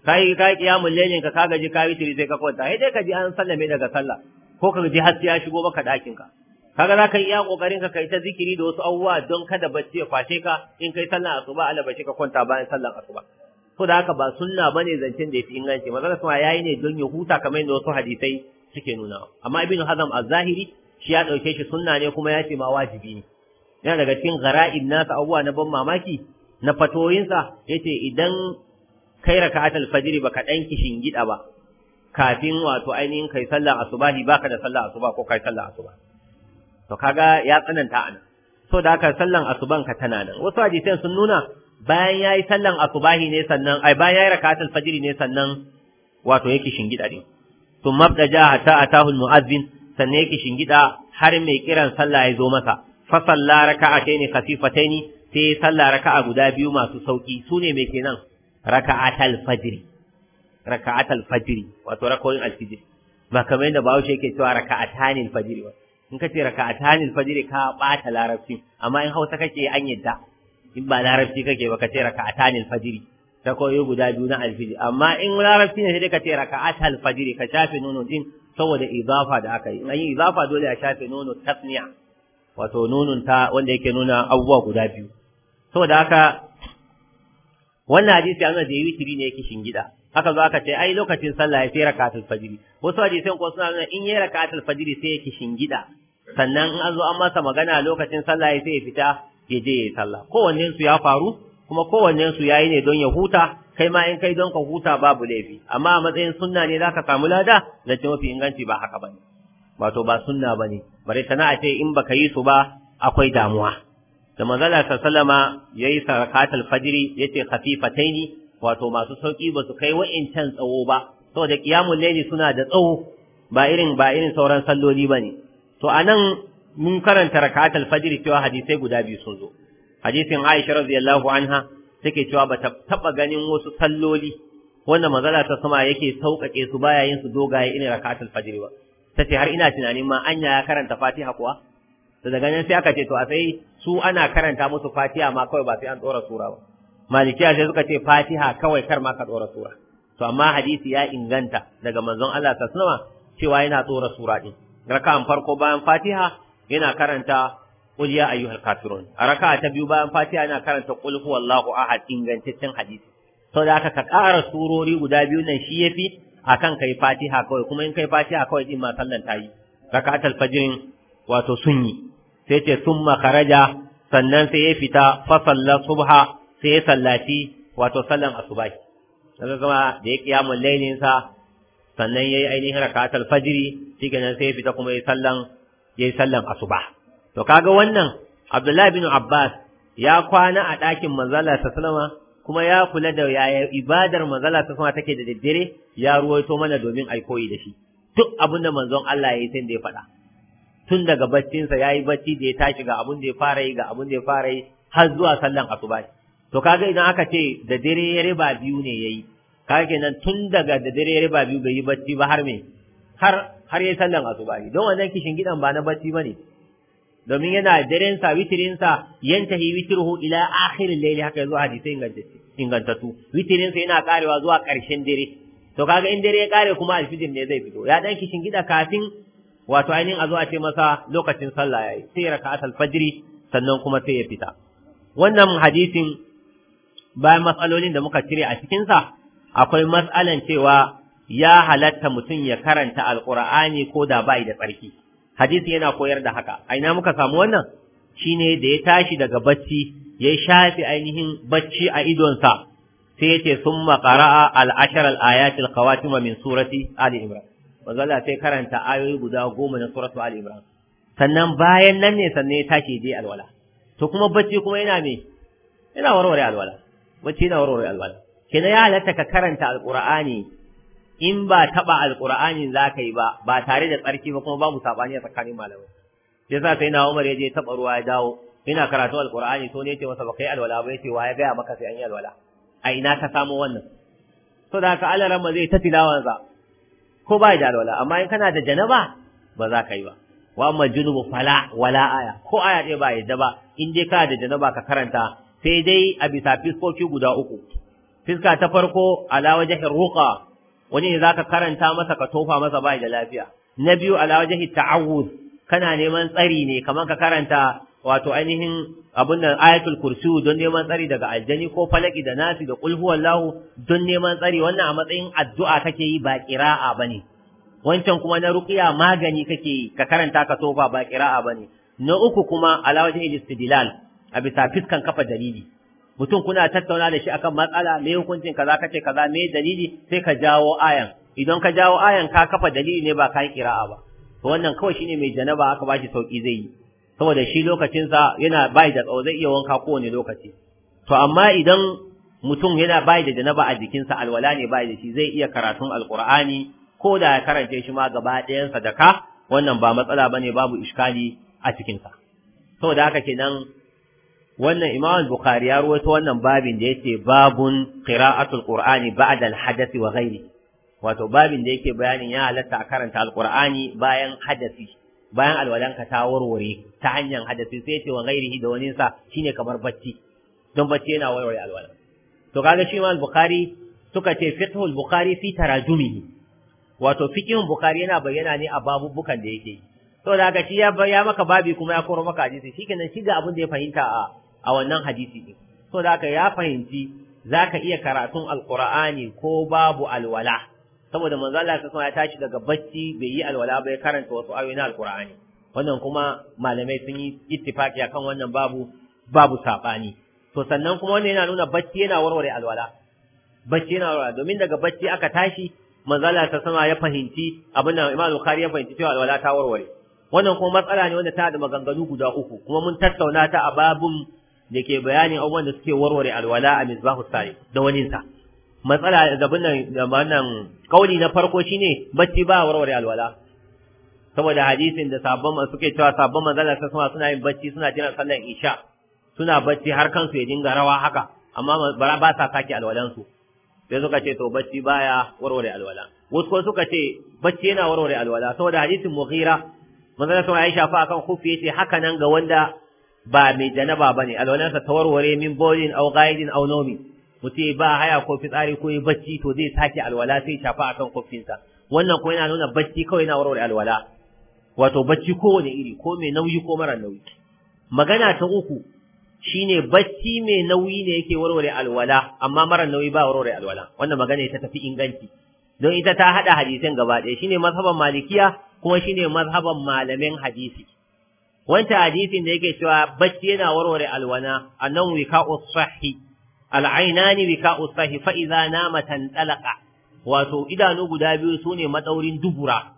kai ka kiyamul lailin ka ka gaji ka witri sai ka kwanta sai dai ka ji an sallame daga sallah ko ka ji har ya shigo maka dakin ka kaga za ka yi iya kokarin ka kai ta zikiri da wasu abubuwa don kada bacci ya kwashe ka in kai sallar asuba ala bacci ka kwanta bayan sallar asuba to da haka ba sunna bane zancen da yafi inganci manzon suna yayi ne don ya huta kamar yadda wasu hadisai suke nuna amma ibn hazm az-zahiri shi ya dauke shi sunna ne kuma ya ce ma wajibi ne yana daga cikin na ta abubuwa na ban mamaki na fatoyinsa yace idan kai raka'atul fajr baka dan kishin gida ba kafin wato ainihin kai sallar asubahi baka da sallar asuba ko kai sallar asuba to kaga ya tsananta a nan so da haka sallan asuban ka tana nan wasu hadisan sun nuna bayan yayi sallan asubahi ne sannan ai bayan yayi rakatul fajr ne sannan wato yake shingida din to ja hatta atahu muazzin sannan yake shingida har mai kiran sallah ya zo masa fa salla raka'ataini khafifataini sai sallah raka'a guda biyu masu sauki sune mai kenan raka'atul fajiri. raka'atul fajiri wato rakoyin alfijir ba kamar yadda bawo yake cewa raka'atanil fajr ba in ka ce raka'atan fajiri ka bata larabci amma in Hausa kake an yadda in ba larabci kake ba ka ce tanin fajiri ta koyo guda biyu na alfijir amma in larabci ne sai ka ce raka'at fajiri ka shafe nono din saboda izafa da aka yi in yi izafa dole a shafe nono tasniya wato nonon ta wanda yake nuna abubuwa guda biyu saboda haka wannan hadisi ana da witiri ne yake shingida haka zo aka ce ai lokacin sallah ya sai rakatul fajiri wasu hadisan ko suna nuna in yayi rakatul fajiri sai yake shingida sannan in an zo an masa magana lokacin sallah ya sai ya fita ya je ya yi sallah kowannen su ya faru kuma kowannen su yayi ne don ya huta kai ma in kai don ka huta babu laifi amma a matsayin sunna ne zaka samu lada zance mafi inganci ba haka bane wato ba sunna bane bare a ce in baka yi su ba akwai damuwa da manzala sallama yayi sarakatul fajri yace khafifataini wato masu sauki ba su kai wa'incan tsawo ba saboda qiyamul layli suna da tsawo ba irin ba irin sauran salloli bane to anan mun karanta rakatul fajr cewa hadisi guda biyu sun zo hadisin Aisha radiyallahu anha take cewa bata taba ganin wasu salloli wanda mazala ta sama yake sauƙaƙe su baya yin su dogaye irin rak'at al-fajr ba tace har ina tunanin ma anya ya karanta Fatiha kuwa to daga nan sai aka ce to a sai su ana karanta musu Fatiha ma kawai ba sai an tsora sura ba malikiya sai suka ce Fatiha kawai kar ma ka tsora sura to amma hadisi ya inganta daga manzon Allah ta sallama cewa yana tsora sura din raka'an farko bayan fatiha yana karanta qul ya ayyuhal kafirun a raka'a ta biyu bayan fatiha yana karanta qul huwallahu ahad ingantaccen hadisi saboda haka ka ƙara surori guda biyu nan shi yafi akan kai fatiha kawai kuma in kai fatiha kawai din ma sallan ta yi raka'atul fajrin wato sun yi sai ce summa kharaja sannan sai ya fita fa sallar subha sai ya sallaci wato sallan asubahi sai kuma da ya kiyamul lailin sannan ya yi ainihin rakatul fajiri nan sai ya fita kuma yayi sallan yayi sallan asuba to kaga wannan Abdullahi bin Abbas ya kwana a ɗakin manzala ta kuma ya kula da yaya ibadar manzala ta salama take da daddare ya ruwaito mana domin ai koyi da shi duk abin da manzon Allah ya yi sai da ya faɗa tun daga baccinsa ya yi bacci da ya tashi ga abin da ya fara yi ga abin da ya fara yi har zuwa sallan asuba to kaga idan aka ce da dare ya riba biyu ne ya yi ka kenan tun daga da dare riba biyu bai yi bacci ba har me har har yayi sallan asubahi don wannan kishin gidan ba na bacci bane domin yana daren sa witrin sa hi witruhu ila al layl haka zuwa hadisi ingantatu witirinsa sa yana karewa zuwa karshen dare to kaga in dare ya kare kuma alfijir ne zai fito ya dan kishin gida kafin wato ainihin a zo a ce masa lokacin sallah yayi sai raka'at al-fajr sannan kuma sai ya fita wannan hadisin bayan matsalolin da muka cire a cikin sa akwai mas'alan cewa ya halatta mutum ya karanta alkur'ani ko da bai da tsarki hadisi yana koyar da haka a ina muka samu wannan shine da ya tashi daga bacci ya shafi ainihin bacci a idonsa sai yace summa qara'a al-ashar al-ayat al-qawatim min surati ali imran manzala sai karanta ayoyi guda goma na suratu ali imran sannan bayan nan ne sannan ya tashi je alwala to kuma bacci kuma yana me yana warware alwala bacci yana warware alwala kina ya halatta ka karanta alqur'ani in ba taba alqur'anin zaka yi ba ba tare da tsarki ba kuma babu sabani a tsakanin malamai sai sa sai na Umar ya je taba ruwa ya dawo ina karatu alqur'ani to ne yace masa ba kai alwala ba yace wa ya ga maka sai an yi alwala a ina ka samu wannan to da ka alaran ma zai ta tilawansa ko ba da alwala amma in kana da janaba ba za ka yi ba wa amma junubu fala wala aya ko aya ɗaya ba yadda ba in dai ka da janaba ka karanta sai dai a bisa fiskoki guda uku fiska ta farko ala wajhi ruqa wani da zaka karanta masa ka tofa masa bai da lafiya na biyu ala wajhi ta'awuz kana neman tsari ne kaman ka karanta wato ainihin abun nan ayatul kursi don neman tsari daga aljani ko falaki da nasi da qul huwallahu don neman tsari wannan a matsayin addu'a kake yi ba qira'a bane wancan kuma na ruqiya magani kake yi ka karanta ka tofa ba qira'a bane na uku kuma ala wajhi istidlal a bisa fiskan kafa dalili mutum kuna tattauna da shi akan matsala me hukuncin kaza kace kaza me dalili sai ka jawo ayan idan ka jawo ayan ka kafa dalili ne ba kan kira'a ba to wannan kawai shine mai janaba aka bashi sauki zai yi saboda shi lokacin sa yana bai da tsawo zai iya wanka kowane lokaci to amma idan mutum yana bai da janaba a jikin sa alwala ne bai da shi zai iya karatun alqur'ani ko da ya karance shi ma gaba ɗayan ka, wannan ba matsala bane babu iskali a cikin sa saboda haka kenan wannan imam al-bukhari ya rawaito wannan babin da yake babun qira'atul qur'ani ba'da al hadath wa ghairi wato babin da yake bayanin ya halatta a karanta al-qur'ani bayan hadasi bayan alwalanka ta warware ta hanyar hadasi sai ce wa ghairihi da wani sa shine kamar bacci don bacci yana warware alwala to kaga shi imam al-bukhari suka ce fiqhul bukhari fi tarajumihi wato fiqhul bukhari yana bayyana ne a babubukan da yake to da haka shi ya maka babi kuma ya koro maka hadisi shikenan shi ga abin da ya fahimta a a wannan hadisi din so da ya fahimci zaka iya karatun alqur'ani ko babu alwala saboda manzo Allah ya ya tashi daga bacci bai yi alwala bai karanta wasu ayoyi na alqur'ani wannan kuma malamai sun yi ittifaki akan wannan babu babu sabani to sannan kuma wannan yana nuna bacci yana warware alwala bacci yana warware domin daga bacci aka tashi manzo Allah sai sama ya fahimci abin da Imam Bukhari ya fahimci cewa alwala ta warware wannan kuma matsala ne wanda ta da maganganu guda uku kuma mun tattauna ta a babun Da ke bayanin abubuwan da suke warware alwala a misbahu sari da wani sa matsala da bunan da wannan kauli na farko shine bacci ba warware alwala saboda hadisin da sabon man suke cewa sabon manzala sai suna suna yin bacci suna jira sallar isha suna bacci har kansu ya dinga rawa haka amma ba sa sake alwalansu sai suka ce to bacci baya warware alwala wasu ko suka ce bacci yana warware alwala saboda hadisin mughira manzon Allah ya shafa akan kufi yace haka nan ga wanda ba mai janaba bane alwalansa ta warware min bolin aw gaidin aw nomi mutum ba haya ko fitsari ko bacci to zai sake alwala sai shafa akan kofinsa wannan ko yana nuna bacci kawai yana warware alwala wato bacci kowane iri ko mai nauyi ko mara nauyi magana ta uku shine bacci mai nauyi ne yake warware alwala amma mara nauyi ba warware alwala wannan magana ita tafi inganci don ita ta hada hadisan gaba ɗaya shine mazhaban malikiya kuma shine mazhaban malamin hadisi wancan hadisin da yake cewa bacci yana warware alwana annan wika usahi al'ainani wika usahi fa idza nama tantalaqa wato idanu guda biyu sune madaurin dubura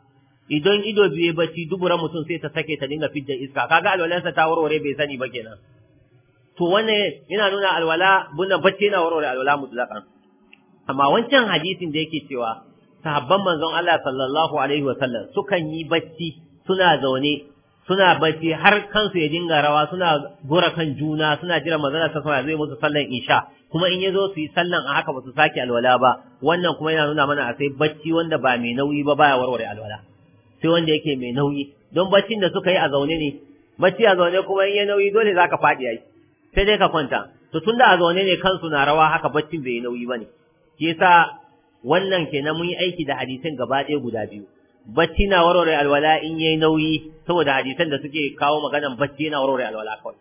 idan ido biye bacci dubura mutum sai ta sake ta dinga fidda iska kaga alwalansa ta warware bai sani ba kenan to wannan yana nuna alwala bunda bacci yana warware alwala mutlaqan amma wancan hadisin da yake cewa sahabban manzon Allah sallallahu alaihi wasallam sukan yi bacci suna zaune suna bacci har kansu ya dinga rawa suna gora kan juna suna jira manzon ta sama zai musu sallan isha kuma in yazo su yi sallan a haka ba su sake alwala ba wannan kuma yana nuna mana a sai bacci wanda ba mai nauyi ba baya warware alwala sai wanda yake mai nauyi don baccin da suka yi a zaune ne bacci a zaune kuma in ya nauyi dole zaka faɗi ai sai dai ka kwanta to tunda a zaune ne kansu na rawa haka baccin bai nauyi bane yasa wannan kenan mun yi aiki da hadisin gaba ɗaya guda biyu bacci na warware alwala in yayi nauyi saboda hadisan da suke kawo maganan bacci na warware alwala kawai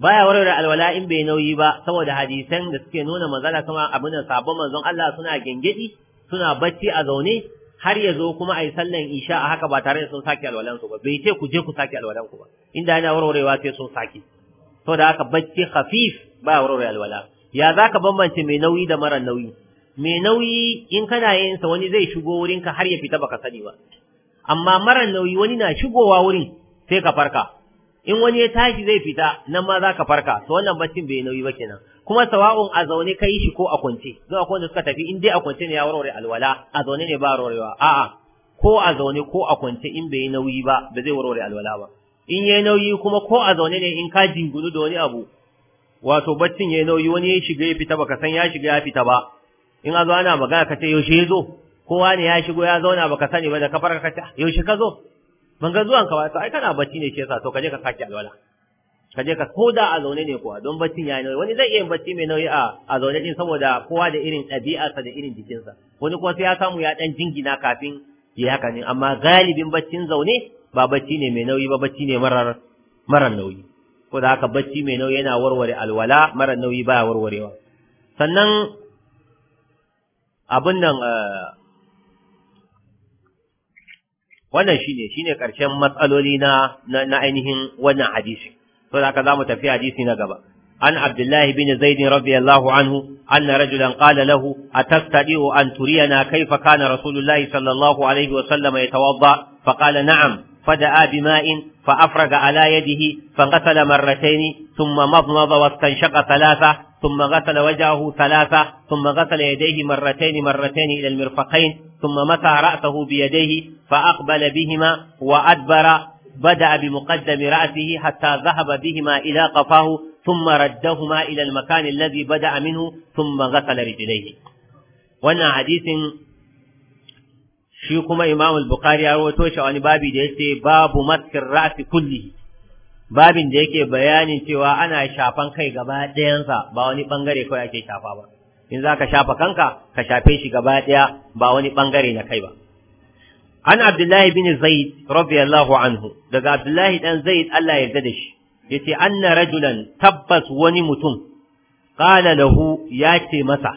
baya warware alwala in bai nauyi ba saboda hadisan da suke nuna manzala kuma abin da sabon manzon Allah suna gengedi suna bacci a zaune har ya zo kuma a sallan isha a haka ba tare da sun sake alwalansu ba bai ce ku je ku sake ku ba inda yana warwarewa sai sun sake saboda haka bacci khafif ba warware alwala ya zaka bambance mai nauyi da mara nauyi mai nauyi in kana yin sa wani zai shigo wurinka har ya fita baka sani ba amma mara nauyi wani na shigowa wurin sai ka farka in wani ya tashi zai fita nan ma za ka farka to wannan baccin bai nauyi ba kenan kuma sawa'un a zaune ka yi shi ko a kwance zuwa kwance wanda suka tafi in dai a kwance ne ya warware alwala a zaune ne ba warwarewa a'a ko a zaune ko a kwance in bai yi nauyi ba ba zai warware alwala ba in yayi nauyi kuma ko a zaune ne in ka jingunu da wani abu wato baccin yayi nauyi wani ya shiga ya fita baka san ya shiga ya fita ba in a zo ana magana ka ce yaushe ya zo kowa ne ya shigo ya zauna baka sani ba da ka farka ah, yaushe ka zo ban ga zuwan ka ba to ai kana bacci ne ke yasa to kaje ka saki alwala kaje ka koda a zaune ne kuwa don baccin yayi ne wani zai iya bacci mai nauyi a a zaune din saboda kowa da irin ɗabi'arsa da irin jikinsa wani kuma sai ya samu ya dan jingina kafin ya haka ne amma galibin baccin zaune ba bacci ne mai nauyi ba bacci ne marar marar nauyi ko da haka bacci mai nauyi yana warware alwala marar nauyi baya warwarewa sannan abin nan eh, wannan shi shine karshen matsaloli na ainihin wannan hadisi to da za mu tafi hadisi na gaba an abdullahi bin zaid radiyallahu anhu anna rajulan qala lahu atastadiu an turiyana kayfa kana rasulullahi sallallahu alaihi wa sallam yatawadda faqala na'am fa afraga ala yadihi يده فغسل مرتين ثم مضمض واستنشق ثلاثة ثم غسل وجهه ثلاثة ثم غسل يديه مرتين مرتين إلى المرفقين ثم مسى رأسه بيديه فأقبل بهما وأدبر بدأ بمقدم رأسه حتى ذهب بهما إلى قفاه ثم ردهما إلى المكان الذي بدأ منه ثم غسل رجليه وانا حديث شيكم إمام البخاري أروتوش عن بابي ديسي باب مسك الرأس كله babin da yake bayanin cewa ana shafan kai gaba ɗayansa ba wani ɓangare kawai ake shafa ba in za ka shafa kanka ka shafe shi gaba ɗaya ba wani ɓangare na kai ba an abdullahi bin zaid radiyallahu anhu daga abdullahi dan zaid Allah ya yarda da shi ya ce anna rajulan tabbas wani mutum qala lahu ya ce masa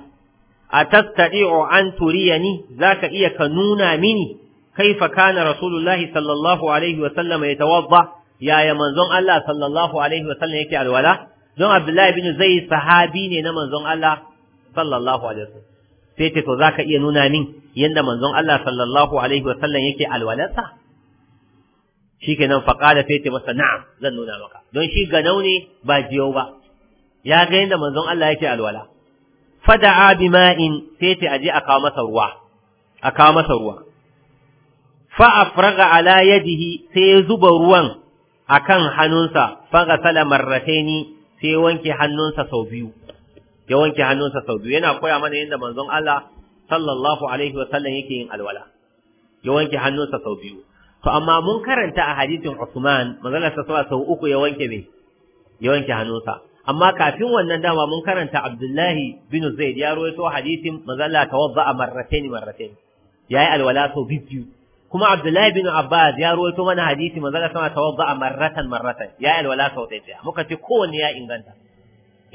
atastati'u an turiyani zaka iya ka nuna mini kaifa kana rasulullahi sallallahu alaihi wa sallam yatawadda yaya manzon Allah sallallahu alaihi wa sallam yake alwala don Abdullahi bin Zaid sahabi ne na manzon Allah sallallahu alaihi wa sallam sai ce to zaka iya nuna min yanda manzon Allah sallallahu alaihi wa sallam yake alwalarsa shikenan fa qala sai ce masa na'am zan nuna maka don shi ganau ne ba jiyo ba ya ga yanda manzon Allah yake alwala fada'a bima'in sai ce aje a kawo masa ruwa a kawo masa ruwa fa afraga ala yadihi sai ya zuba ruwan akan hannunsa faga salamar raheni sai wanke hannunsa sau biyu ya wanke hannunsa sau biyu yana koya mana yadda manzon Allah sallallahu alaihi wa sallam yake yin alwala ya wanke hannunsa sau biyu to amma mun karanta a hadisin Usman manzon Allah sallallahu sau uku ya wanke me ya wanke hannunsa amma kafin wannan dama mun karanta Abdullahi bin Zaid ya rawaito hadisin manzon Allah tawadda marratayn marratayn yayi alwala sau biyu kuma Abdullahi bin Abbas ya ruwaito mana hadisi manzo Allah sama tawadda marratan marratan ya alwala sau ɗaya muka ce kowanne ya inganta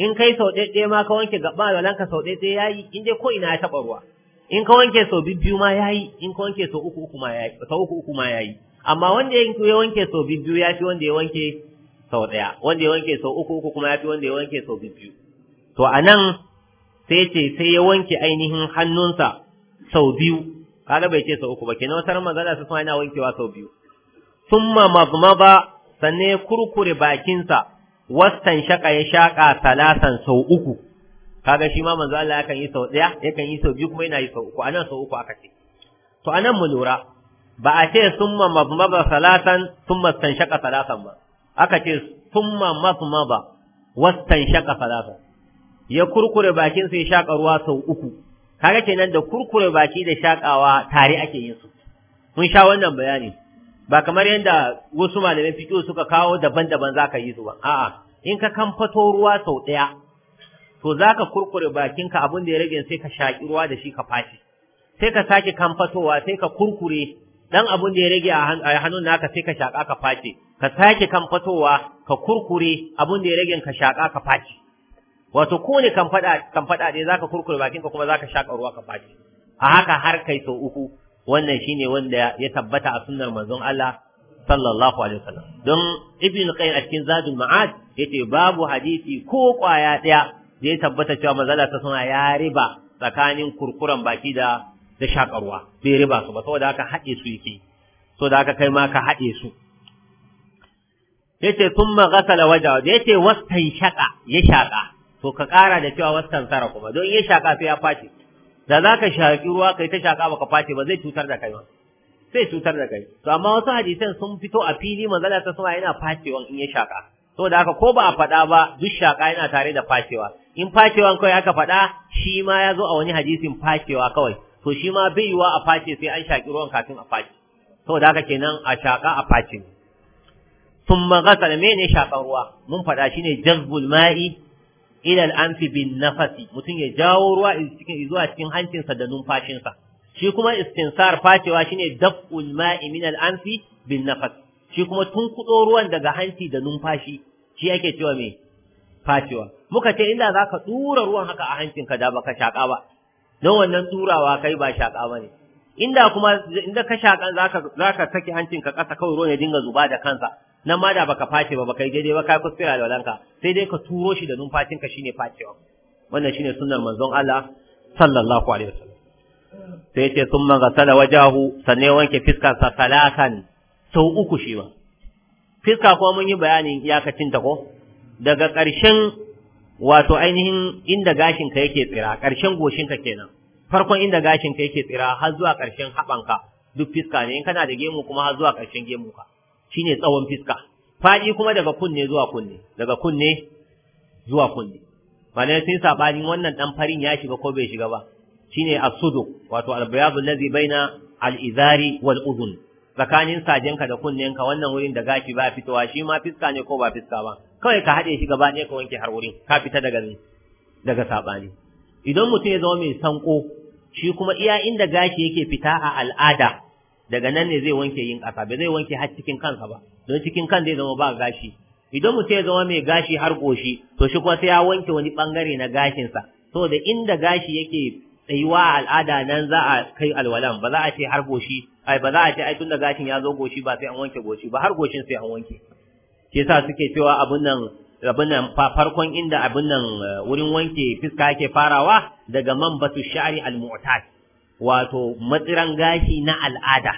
in kai sau ɗaya ma ka wanke gaba alwalanka sau ɗaya yayi in dai ko ina ya taba ruwa in ka wanke sau biyu ma yayi in ka wanke sau uku uku ma yayi sau uku uku ma yayi amma wanda ya wanke sau biyu ya fi wanda ya wanke sau ɗaya wanda ya wanke sau uku uku kuma ya fi wanda ya wanke sau biyu to anan sai ce sai ya wanke ainihin hannunsa sau biyu kaga bai ce sau uku ba kenan wata manzala su yana wankewa sau biyu ba sannan ya kurkure bakinsa wastan shaka ya shaka salasan sau uku kaga shi ma manzo Allah yakan yi sau daya yakan yi sau biyu kuma yana yi sau uku anan sau uku aka ce to anan mu lura ba a ce summa mazmaba salatan summa shaka salatan ba aka ce summa wastan shaka salatan ya kurkure bakinsa ya shaka ruwa sau uku kaga kenan da kurkure baki da shakawa tare ake yin su mun sha wannan bayani ba kamar yadda wasu malamai fiqh suka kawo daban-daban zaka yi su ba a'a in ka kan ruwa sau ɗaya, to zaka kurkure bakinka abin da ya rage sai ka shaki ruwa da shi ka fashi sai ka sake kan sai ka kurkure dan abin da ya rage a hannun naka sai ka shaka ka fashi ka sake kan ka kurkure abin da ya rage ka shaka ka fashi wato ko ne kan fada kan fada dai zaka kurkure bakin ka kuma zaka shaka ruwa ka faci a haka har kai so uku wannan shine wanda ya tabbata a sunnar manzon Allah sallallahu alaihi wasallam don ibnu qayyim a cikin zadul ma'ad yace babu hadisi ko kwaya daya da ya tabbata cewa manzala ta suna ya riba tsakanin kurkuren baki da da shakarwa bai riba su ba saboda haka haɗe su yake saboda haka kai ma ka haɗe su yace thumma ghasala wajahu da yace wastan shaka ya shaka to ka ƙara da cewa wasu tara kuma don ya shaka sai ya face da za ka shaƙi ruwa kai ta shaƙa baka face ba zai cutar da kai ba sai cutar da kai to amma wasu hadisan sun fito a fili manzala ta sama yana facewa in ya shaƙa saboda haka ko ba a faɗa ba duk shaƙa yana tare da facewa in facewan kawai aka faɗa shi ma ya zo a wani hadisin facewa kawai to shi ma bai yiwa a face sai an shaƙi ruwan kafin a face saboda haka kenan a shaƙa a face thumma ghasala mene shaƙan ruwa mun faɗa ne jazbul ma'i ila al-anfi bin nafasi mutum ya jawo ruwa cikin zuwa cikin hancinsa da numfashinsa shi kuma istinsar fashewa shine daf'ul ma'i min al-anfi bin nafas shi kuma tunkudo ruwan daga hanci da numfashi shi yake cewa me facewa muka ce inda zaka tura ruwan haka a hancinka da baka shaka ba don wannan turawa kai ba shaka ne, inda kuma inda ka shaka zaka zaka saki hancinka kasa kawai ruwan ya dinga zuba da kansa nan ma da baka face ba baka yi daidai ba ka da sai dai ka turo shi da ka shine facewa wannan shine sunnar manzon Allah sallallahu alaihi wasallam sai yace thumma ghasala wajahu sannan wanke fiska sa salatan sau uku shi ba fiska kuma mun yi bayanin iyakacin ta ko daga ƙarshen wato ainihin inda gashin ka yake tsira ƙarshen goshin ka kenan farkon inda gashin ka yake tsira har zuwa ƙarshen haɓanka duk fiska ne in kana da gemu kuma har zuwa ƙarshen gemu ka shine tsawon fiska faɗi kuma daga kunne zuwa kunne daga kunne zuwa kunne bane sun sabanin wannan dan farin ya shiga ko bai shiga ba shine asudu wato al na allazi baina al'izari wal udhun tsakanin sajenka da kunnenka wannan wurin da gashi ba fitowa shi ma fiska ne ko ba fiska ba kawai ka haɗe shi gaba ɗaya ka wanke har wurin ka fita daga daga sabani idan mutum ya zama mai sanko shi kuma iya inda gashi yake fita a al'ada daga nan ne zai wanke yin ƙasa ba zai wanke har cikin kansa ba don cikin kan zai zama ba gashi idan mutum ya zama mai gashi har goshi to shi kuma sai ya wanke wani bangare na gashinsa saboda inda gashi yake tsayuwa a al'ada nan za a kai alwalan ba za a ce har goshi ai ba za a ce ai tunda gashin ya zo goshi ba sai an wanke goshi ba har goshin sai an wanke shi yasa suke cewa abun nan abun nan farkon inda abin nan eh, wurin wanke fiska yake farawa daga man batu shari al-mu'tad wato matsiran gashi na al'ada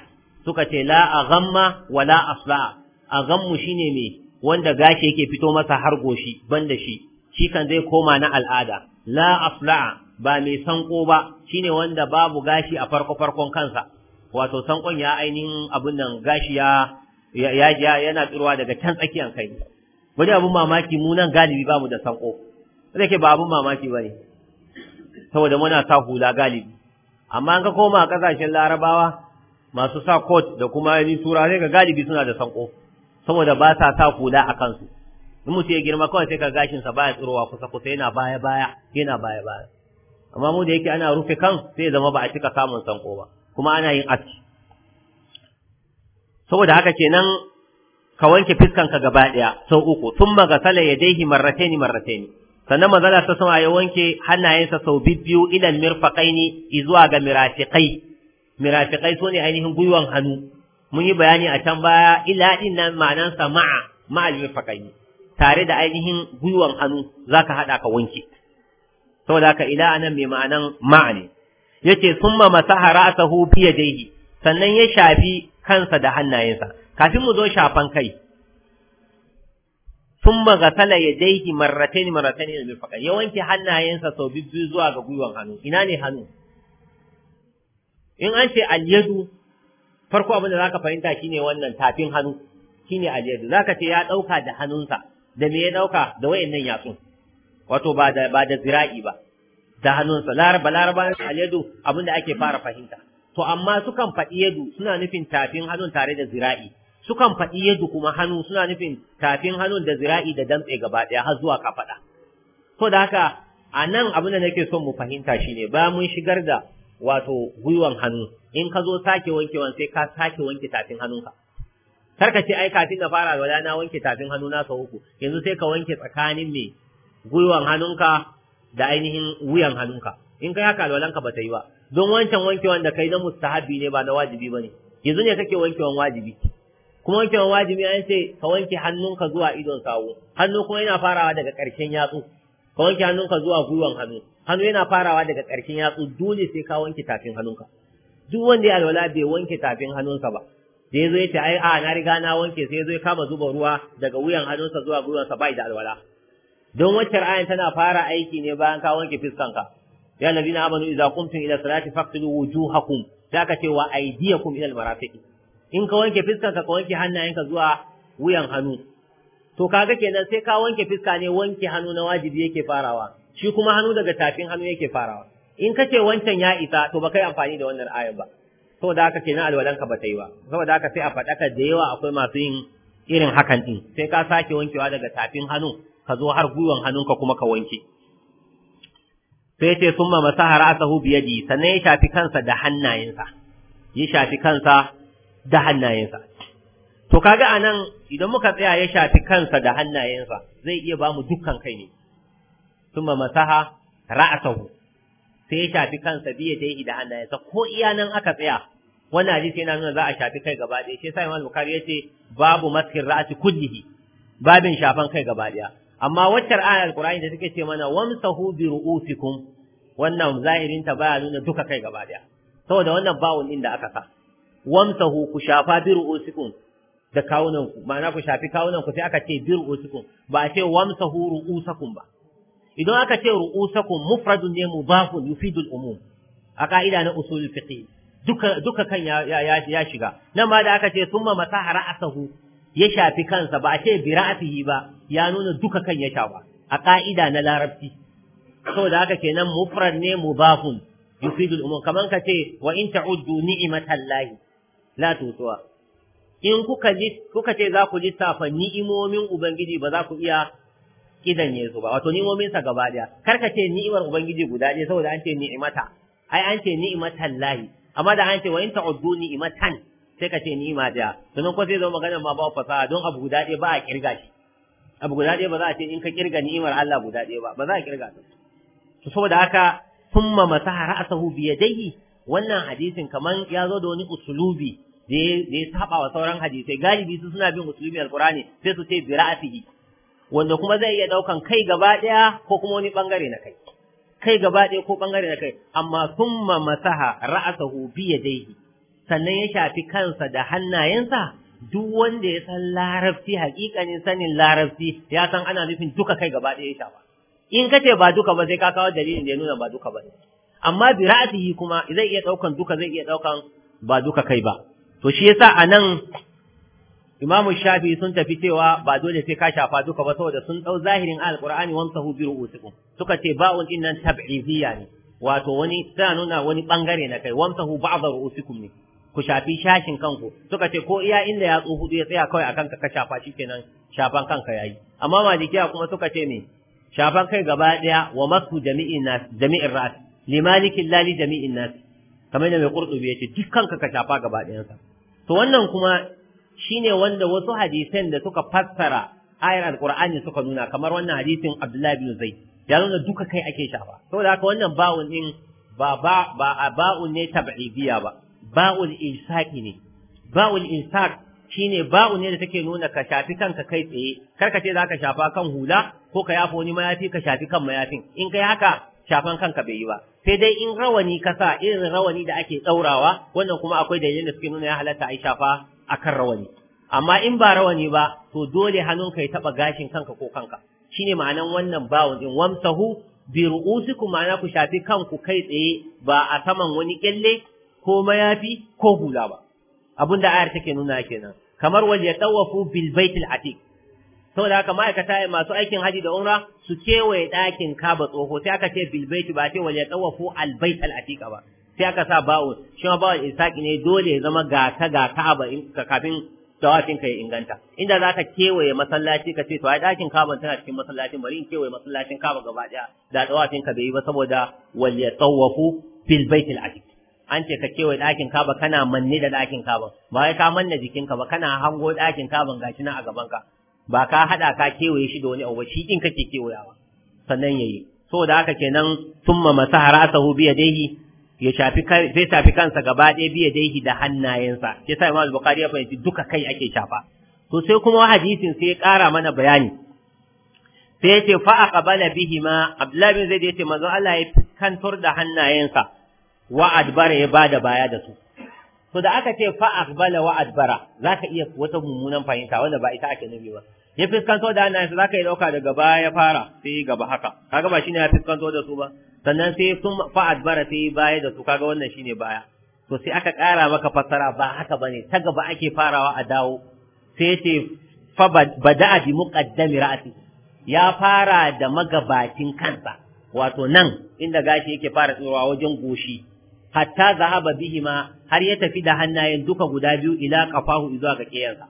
suka ce la aghamma a asla'a aghammu shine me wanda gashi yake fito masa har goshi banda shi shi kan zai koma na al'ada la asla ba mai sanko ba shine wanda babu gashi a farko farkon kansa wato sankon ya ainihin abun nan gashi ya ya ya yana tsirowa daga can tsakiyar kai wani abun mamaki mu nan galibi bamu da sanko zai ke ba abun mamaki bane saboda muna sa hula galibi amma an ka koma kasashen larabawa masu sa kot da kuma ni tura sai ka galibi suna da sanko saboda ba sa sa kula a kansu in mutum ya girma kawai sai ka gashin sa baya tsirowa kusa kusa yana baya baya yana baya baya amma mu da yake ana rufe kan sai zama ba a cika samun sanko ba kuma ana yin aski saboda haka kenan ka wanke fiskanka gaba daya sau uku tun thumma ya daihi marratayn marratayn sannan mazala ta sama ya wanke hannayensa sau biyu ilal mirfaqaini zuwa ga mirafiqai mirafiqai sune ne ainihin gwiwan hannu mun yi bayani a can baya ila din nan ma'anan ma'al mirfaqaini tare da ainihin gwiwan hannu zaka hada ka wanke saboda haka ila anan mai ma'anan ma'a ne yace summa masaha ra'sahu bi yadayhi sannan ya shafi kansa da hannayensa kafin mu zo shafan kai Tun thumma ghasala yadayhi marratayn marratayn ila mirfaqayn ya wanke hannayensa sau biyu zuwa ga gwiwan hannu ina ne hannu in an ce alyadu farko abin da zaka fahimta shine wannan tafin hannu shine alyadu zaka ce ya dauka da hannunsa da me ya ɗauka da wayannan yatsun wato ba da ba da zira'i ba da hannunsa laraba laraba alyadu abin da ake fara fahimta to amma sukan faɗi yadu suna nufin tafin hannun tare da zira'i sukan faɗi yadda kuma hannu suna nufin tafin hannun da zira'i da damɗe gaba ɗaya har zuwa kafaɗa. To da haka a nan abin da nake son mu fahimta ne ba mun shigar da wato gwiwan hannu in ka zo sake wankewan sai ka sake wanke tafin hannunka. Kar ka ce ai kafin na fara wala na wanke tafin hannu na sau uku yanzu sai ka wanke tsakanin me gwiwan hannunka da ainihin wuyan hannunka. In kai haka alwalanka ba ta yi ba don wancan wankewan da kai na mustahabi ne ba na wajibi ba ne yanzu ne kake wankewan wajibi. kuma wanke wajibi an ce ka wanke hannunka zuwa idon sawu hannu kuma yana farawa daga ƙarshen yatsu ka wanke hannunka zuwa gwiwan hannu hannu yana farawa daga ƙarshen yatsu dole sai ka wanke tafin hannunka duk wanda ya alwala bai wanke tafin hannunsa ba da yazo ce ai a na riga na wanke sai zai ya kama zuba ruwa daga wuyan hannunsa zuwa gwiwansa bai da alwala don wacce ra'ayin tana fara aiki ne bayan ka wanke fiskanka ya na amanu idza qumtum ila salati faqtilu wujuhakum zaka ce wa aydiyakum ila almarafiqi in ka wanke fiskan ka ka wanke ka zuwa wuyan hannu to kaga kenan sai ka wanke fiska ne wanke hannu na wajibi yake farawa shi kuma hannu daga tafin hannu yake farawa in ka ce wancan ya isa to ba yi amfani da wannan ayar ba saboda haka kenan alwalanka ba ta yi ba saboda haka sai a faɗaka da yawa akwai masu yin irin hakan din sai ka sake wankewa daga tafin hannu ka zo har gwiwan hannunka kuma ka wanke sai ce summa a ra'sahu bi biyadi sannan ya shafi kansa da hannayensa ya shafi kansa da hannayensa to kaga nan idan muka tsaya ya shafi kansa da hannayensa zai iya bamu dukkan kai ne Suma masaha ra'asahu sai ya shafi kansa biye ta yi da hannayensa ko iya nan aka tsaya wannan hadisi yana nuna za a shafi kai gaba ɗaya shi sai Imam Bukhari yace babu maskin ra'asi kullihi babin shafan kai gaba ɗaya amma waccar ayar da take ce mana wamsahu bi ru'usikum wannan zahirin baya nuna duka kai gaba ɗaya saboda wannan bawun din da aka sa wamsahu ku shafa bi ru'usikum da kawunan ku ma'ana ku shafi kawunan ku sai aka ce bi ru'usikum ba a ce wamsahu ru'usakum ba idan aka ce ru'usakum mufradun ne mudafun yufidul umum a ka'ida na usul fiqh duka duka kan ya ya, ya shiga nan ma da aka ce summa masahara asahu ya shafi kansa ba a ce bi ra'sihi ba ya nuna duka kan ya shafa a ka'ida na larabci saboda haka kenan mufrad ne mudafun yufidul umum kaman ka ce wa in ta'uddu ni'matallahi la tutuwa in kuka ji kuka ce za ku lissafa ni'imomin ubangiji ba za ku iya kidanye su ba wato ni'imomin sa gaba daya kar ka ce ni'imar ubangiji guda ɗaya saboda an ce ni'imata ai an ce ni'imatan lahi amma da an ce wa in ta'uddu ni'imatan sai ka ce ni'ima daya sannan ko sai zama magana ma ba fasaha don abu guda ɗaya ba a kirga shi abu guda ɗaya ba za a ce in ka kirga ni'imar Allah guda ɗaya ba ba za a kirga ta to saboda haka thumma masaha ra'sahu bi yadayhi wannan hadisin kaman ya zo da wani usulubi da ya saba wa sauran hadisai galibi su suna bin musulmi alqur'ani sai su ce bira'atihi wanda kuma zai iya daukan kai gaba daya ko kuma wani bangare na kai kai gaba daya ko bangare na kai amma thumma masaha ra'sahu ya daihi, sannan ya shafi kansa da hannayensa duk wanda ya san larabci hakikanin sanin larabci ya san ana nufin duka kai gaba daya ya shafa in ka ce ba duka ba sai ka kawo dalilin da ya nuna ba duka ba ne, amma bi kuma zai iya daukan duka zai iya daukan ba duka kai ba to shi yasa anan imamu Shafi sun tafi cewa ba dole sai ka shafa duka ba saboda sun dau zahirin Al-Qur'ani wamsahu bi ru'usikum suka ce ba'un din nan tab'iziyya ne wato wani sai nuna wani bangare na kai wamsahu ba'd ru'usikum ne ku shafi shashin kanku suka ce ko iya inda ya tso hudu ya tsaya kawai akan ka ka shafa shikenan shafan kanka yayi amma malikiya kuma suka ce me shafan kai gaba daya wa masu jami'in nas jami'in ra's limaliki lali jami'in nas kamar yadda mai ce duk dukkan ka shafa gaba ɗayansa to wannan kuma shine wanda wasu hadisan da suka fassara ayar alƙur'ani suka nuna kamar wannan hadisin Abdullahi bin zai ya nuna duka kai ake shafa saboda haka wannan ba'un din ba ba ba ba'un ne biya ba ba'ul insaqi ne ba'ul insaq shine ba'u ne da take nuna ka shafi kanka kai tsaye kar ka ce zaka shafa kan hula ko ka yafa wani mayafi ka shafi kan mayafin in kai haka shafan kanka bai yi ba sai dai in rawani ka sa irin rawani da ake ɗaurawa wannan kuma akwai dalilin da suke nuna ya halatta a yi shafa akan rawani amma in ba rawani ba to dole hannunka ya taɓa gashin kanka ko kanka shine ma'anan wannan bawon din wamsahu bi ku ma'ana ku shafi kanku kai tsaye ba a saman wani kyalle ko mayafi ko hula ba da ayar take nuna kenan kamar wal yatawafu bil baitil atiq saboda haka ma'aikata masu aikin haji da umra su kewaye ɗakin kaba tsoho sai aka ce bilbaiti ba ce wajen tsawafu albait al'atiƙa ba sai aka sa bawon shi ma bawon isaƙi ne dole ya zama ga ka ga kaba, kafin tawafin ka ya inganta inda za ka kewaye masallaci ka ce to ai ɗakin kaba tana cikin masallacin bari in kewaye masallacin kaba gaba ɗaya da tawafin ka bai yi ba saboda wajen tsawafu bilbait al'atiƙa an ce ka kewaye ɗakin kaba kana manne da ɗakin kaba ba wai ka manne jikinka ba kana hango ɗakin kaban gashi na a gaban ka ba ka haɗa ka kewaye shi da wani abu shi in kake kewayawa sannan yayi yi haka kenan tumma Masahar Asahu bi yadayhi ya shafi zai shafi kansa gaba ɗaya bi yadayhi da hannayensa sai sai Imam Bukhari ya fahimci duka kai ake shafa to sai kuma hadisin sai ya ƙara mana bayani sai ya ce fa aqbala bihima Abdullah bin Zaid ya ce manzo Allah ya kantor da hannayensa wa adbara ya bada baya da su To da aka ce fa aqbala wa adbara zaka iya wata mummunan fahimta wanda ba ita ake nufi ba ya fiskanto da hannayensa zaka iya dauka daga baya ya fara sai gaba haka kaga ba shine ya fiskanto da su ba sannan sai sun fa adbara sai baya da su kaga wannan shine baya to sai aka kara maka fassara ba haka bane ta gaba ake farawa a dawo sai ce fa bada'a bi muqaddami ra'si ya fara da magabacin kansa wato nan inda gashi yake fara tsirowa wajen goshi hatta zahaba bihima har ya tafi da hannayen duka guda biyu ila kafahu zuwa ga kiyansa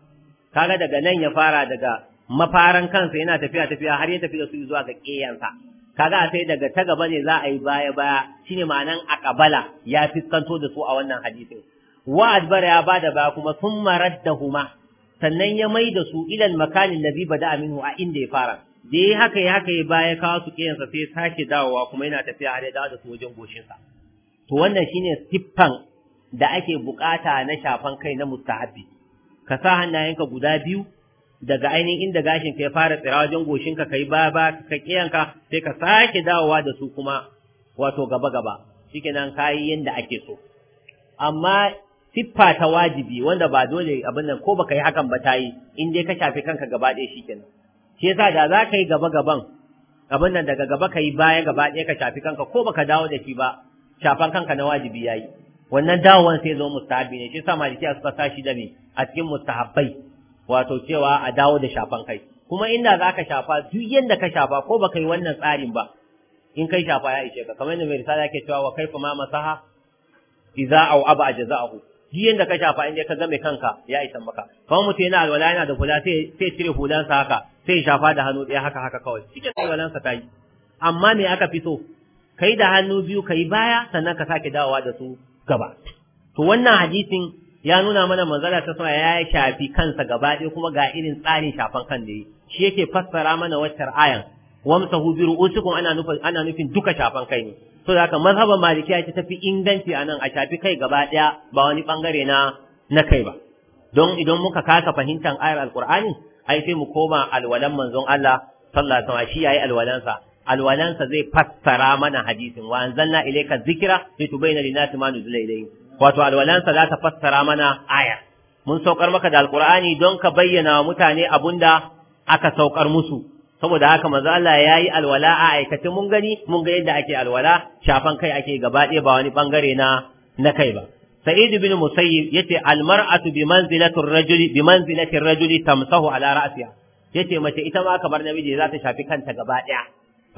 kaga daga nan ya fara daga mafaran kansa yana tafiya tafiya har ya tafi da su zuwa ga kiyansa kaga sai daga ta gaba ne za a yi baya baya shine ma'anan akabala ya fiskanto da su a wannan hadisin wa adbara ya bada baya kuma summa raddahuma sannan ya mai da su ilal makanin Nabi bada Aminu a inda ya fara da yi haka ya haka ya baya kawo su kiyansa sai sake dawowa kuma yana tafiya har ya dawo da su wajen goshinsa to wannan shine siffan da ake bukata na shafan kai na mustahabi ka sa hannayenka guda biyu daga ainihin inda gashin ka ya fara tsira wajen ka kai ba ba ka kiyanka sai ka sake dawowa da su kuma wato gaba gaba shikenan kayi yanda ake so amma siffa ta wajibi wanda ba dole abin nan ko baka yi hakan ba tayi in dai ka shafi kanka gaba ɗaya shikenan shi yasa da za ka yi gaba gaban abin nan daga gaba ka yi baya gaba ɗaya ka shafi kanka ko baka dawo da shi ba shafan kanka na wajibi yayi wannan dawowan sai zo mustahabi ne shi sa jiki suka tashi da me a cikin mustahabbai wato cewa a dawo da shafan kai kuma inda zaka shafa duk yanda ka shafa ko baka yi wannan tsarin ba in kai shafa ya ishe ka kamar yadda mai risala yake cewa wa kaifa ma masaha idza au aba jaza'ahu duk yanda ka shafa in ka game kanka ya isa maka kamar mutum yana alwala yana da hula sai sai cire hulansa haka sai shafa da hannu ɗaya haka haka kawai cikin alwalansa ta yi amma me aka fi so kai da hannu biyu kai baya sannan ka sake dawowa da su gaba to wannan hadisin ya nuna mana manzala ta sama ya shafi kansa gaba ɗaya kuma ga irin tsarin shafan kan da shi yake fassara mana waccar ayan wamsahu bi ru'usikum ana nufin ana nufin duka shafan kai ne to da haka mazhaban ya ta tafi inganci anan a shafi kai gaba ɗaya ba wani bangare na na kai ba don idan muka kasa fahimtar ayar alqur'ani ai sai mu koma alwalan manzon Allah sallallahu alaihi wasallam shi yayi alwalansa alwalansa zai fassara mana hadisin wa anzalna ilayka dhikra litubayyana lin ma nuzila ilayhim wato alwalansa za ta fassara mana aya mun saukar maka da alqur'ani don ka bayyana wa mutane abunda aka saukar musu saboda haka manzo Allah yayi alwala a aikace mun gani mun ga yadda ake alwala shafan kai ake gaba ɗaya ba wani bangare na na kai ba sa'id bin musayyib yace almar'atu bi manzilati ar-rajuli bi manzilati ar-rajuli tamsahu ala ra'siha yace mace ita ma kamar namiji za ta shafi kanta gaba ɗaya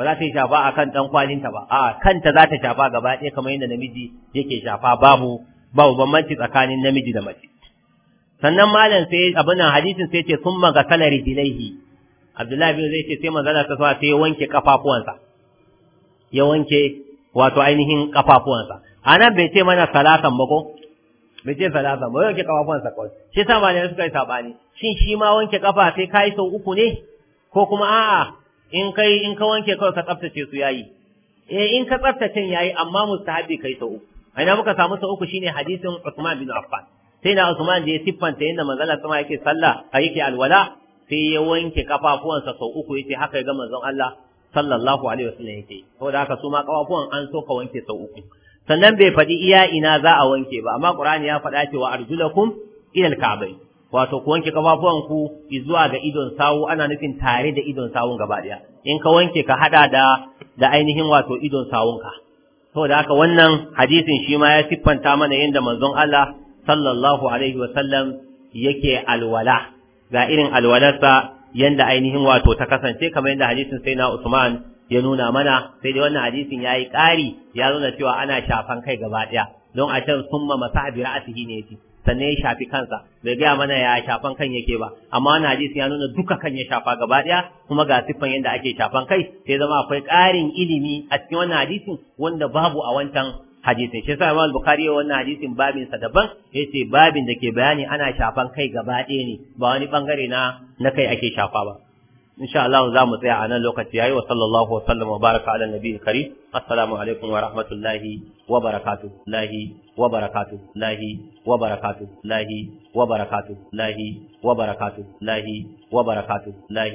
ba za ta yi shafa kan ɗan kwalinta ba a kanta za ta shafa gaba ɗaya kamar yadda namiji yake shafa babu babu bambanci tsakanin namiji da mace sannan malam sai abin hadisin sai ce sun maga salari dilaihi abdullahi bin zai ce sai manzala ta sai ya wanke kafafuwansa ya wanke wato ainihin kafafuwansa nan bai ce mana salasan ba ko bai ce salasan ba ya wanke kafafuwansa kawai shi sa malamai suka yi sabani shin shi ma wanke kafa sai kai sau uku ne ko kuma a'a in kai in ka wanke kawai ka tsaftace su yayi eh in ka tsaftace yayi amma mustahabi kai sau uku ina muka samu sau uku shine hadisin Uthman bin Affan sai na Uthman da ya siffanta yadda manzon Allah yake sallah a yake alwala sai ya wanke kafafuwansa sau uku yace haka ya ga manzon Allah sallallahu alaihi wasallam yake saboda haka su ma kafafuwan an so ka wanke sau uku sannan bai faɗi iya ina za a wanke ba amma Qur'ani ya faɗa cewa arjulakum ila al-ka'bayn wato ku wanke ku zuwa ga idon sawu ana nufin tare da idon sawun gaba daya in ka wanke ka hada da da ainihin wato idon sawunka saboda haka wannan hadisin shi ma ya siffanta mana yadda manzon Allah sallallahu alaihi wa sallam yake alwala ga irin alwalarsa yadda ainihin wato ta kasance kamar yadda hadisin sai na Usman ya nuna mana sai dai wannan hadisin ya yi ƙari ya nuna cewa ana shafan kai gaba daya don a can summa masahbi ra'atihi ne yace sannan ya shafi kansa bai gaya mana ya shafan kan yake ba amma wannan hadisi ya nuna duka kan ya shafa gaba daya kuma ga siffan yadda ake shafan kai sai zama akwai ƙarin ilimi a cikin wannan hadisin wanda babu a wancan hadisin shi yasa Imam Bukhari ya wannan hadisin babin sa daban yace babin da ke bayani ana shafan kai gaba daya ne ba wani bangare na na kai ake shafa ba insha Allah za mu tsaya a nan lokaci yayi wa sallallahu wa sallama baraka ala nabiyil karim assalamu alaikum wa rahmatullahi wa barakatuh lahi wa barakatuh lahi wa barakatuh lahi wa barakatuh lahi wa barakatuh lahi wa barakatuh lahi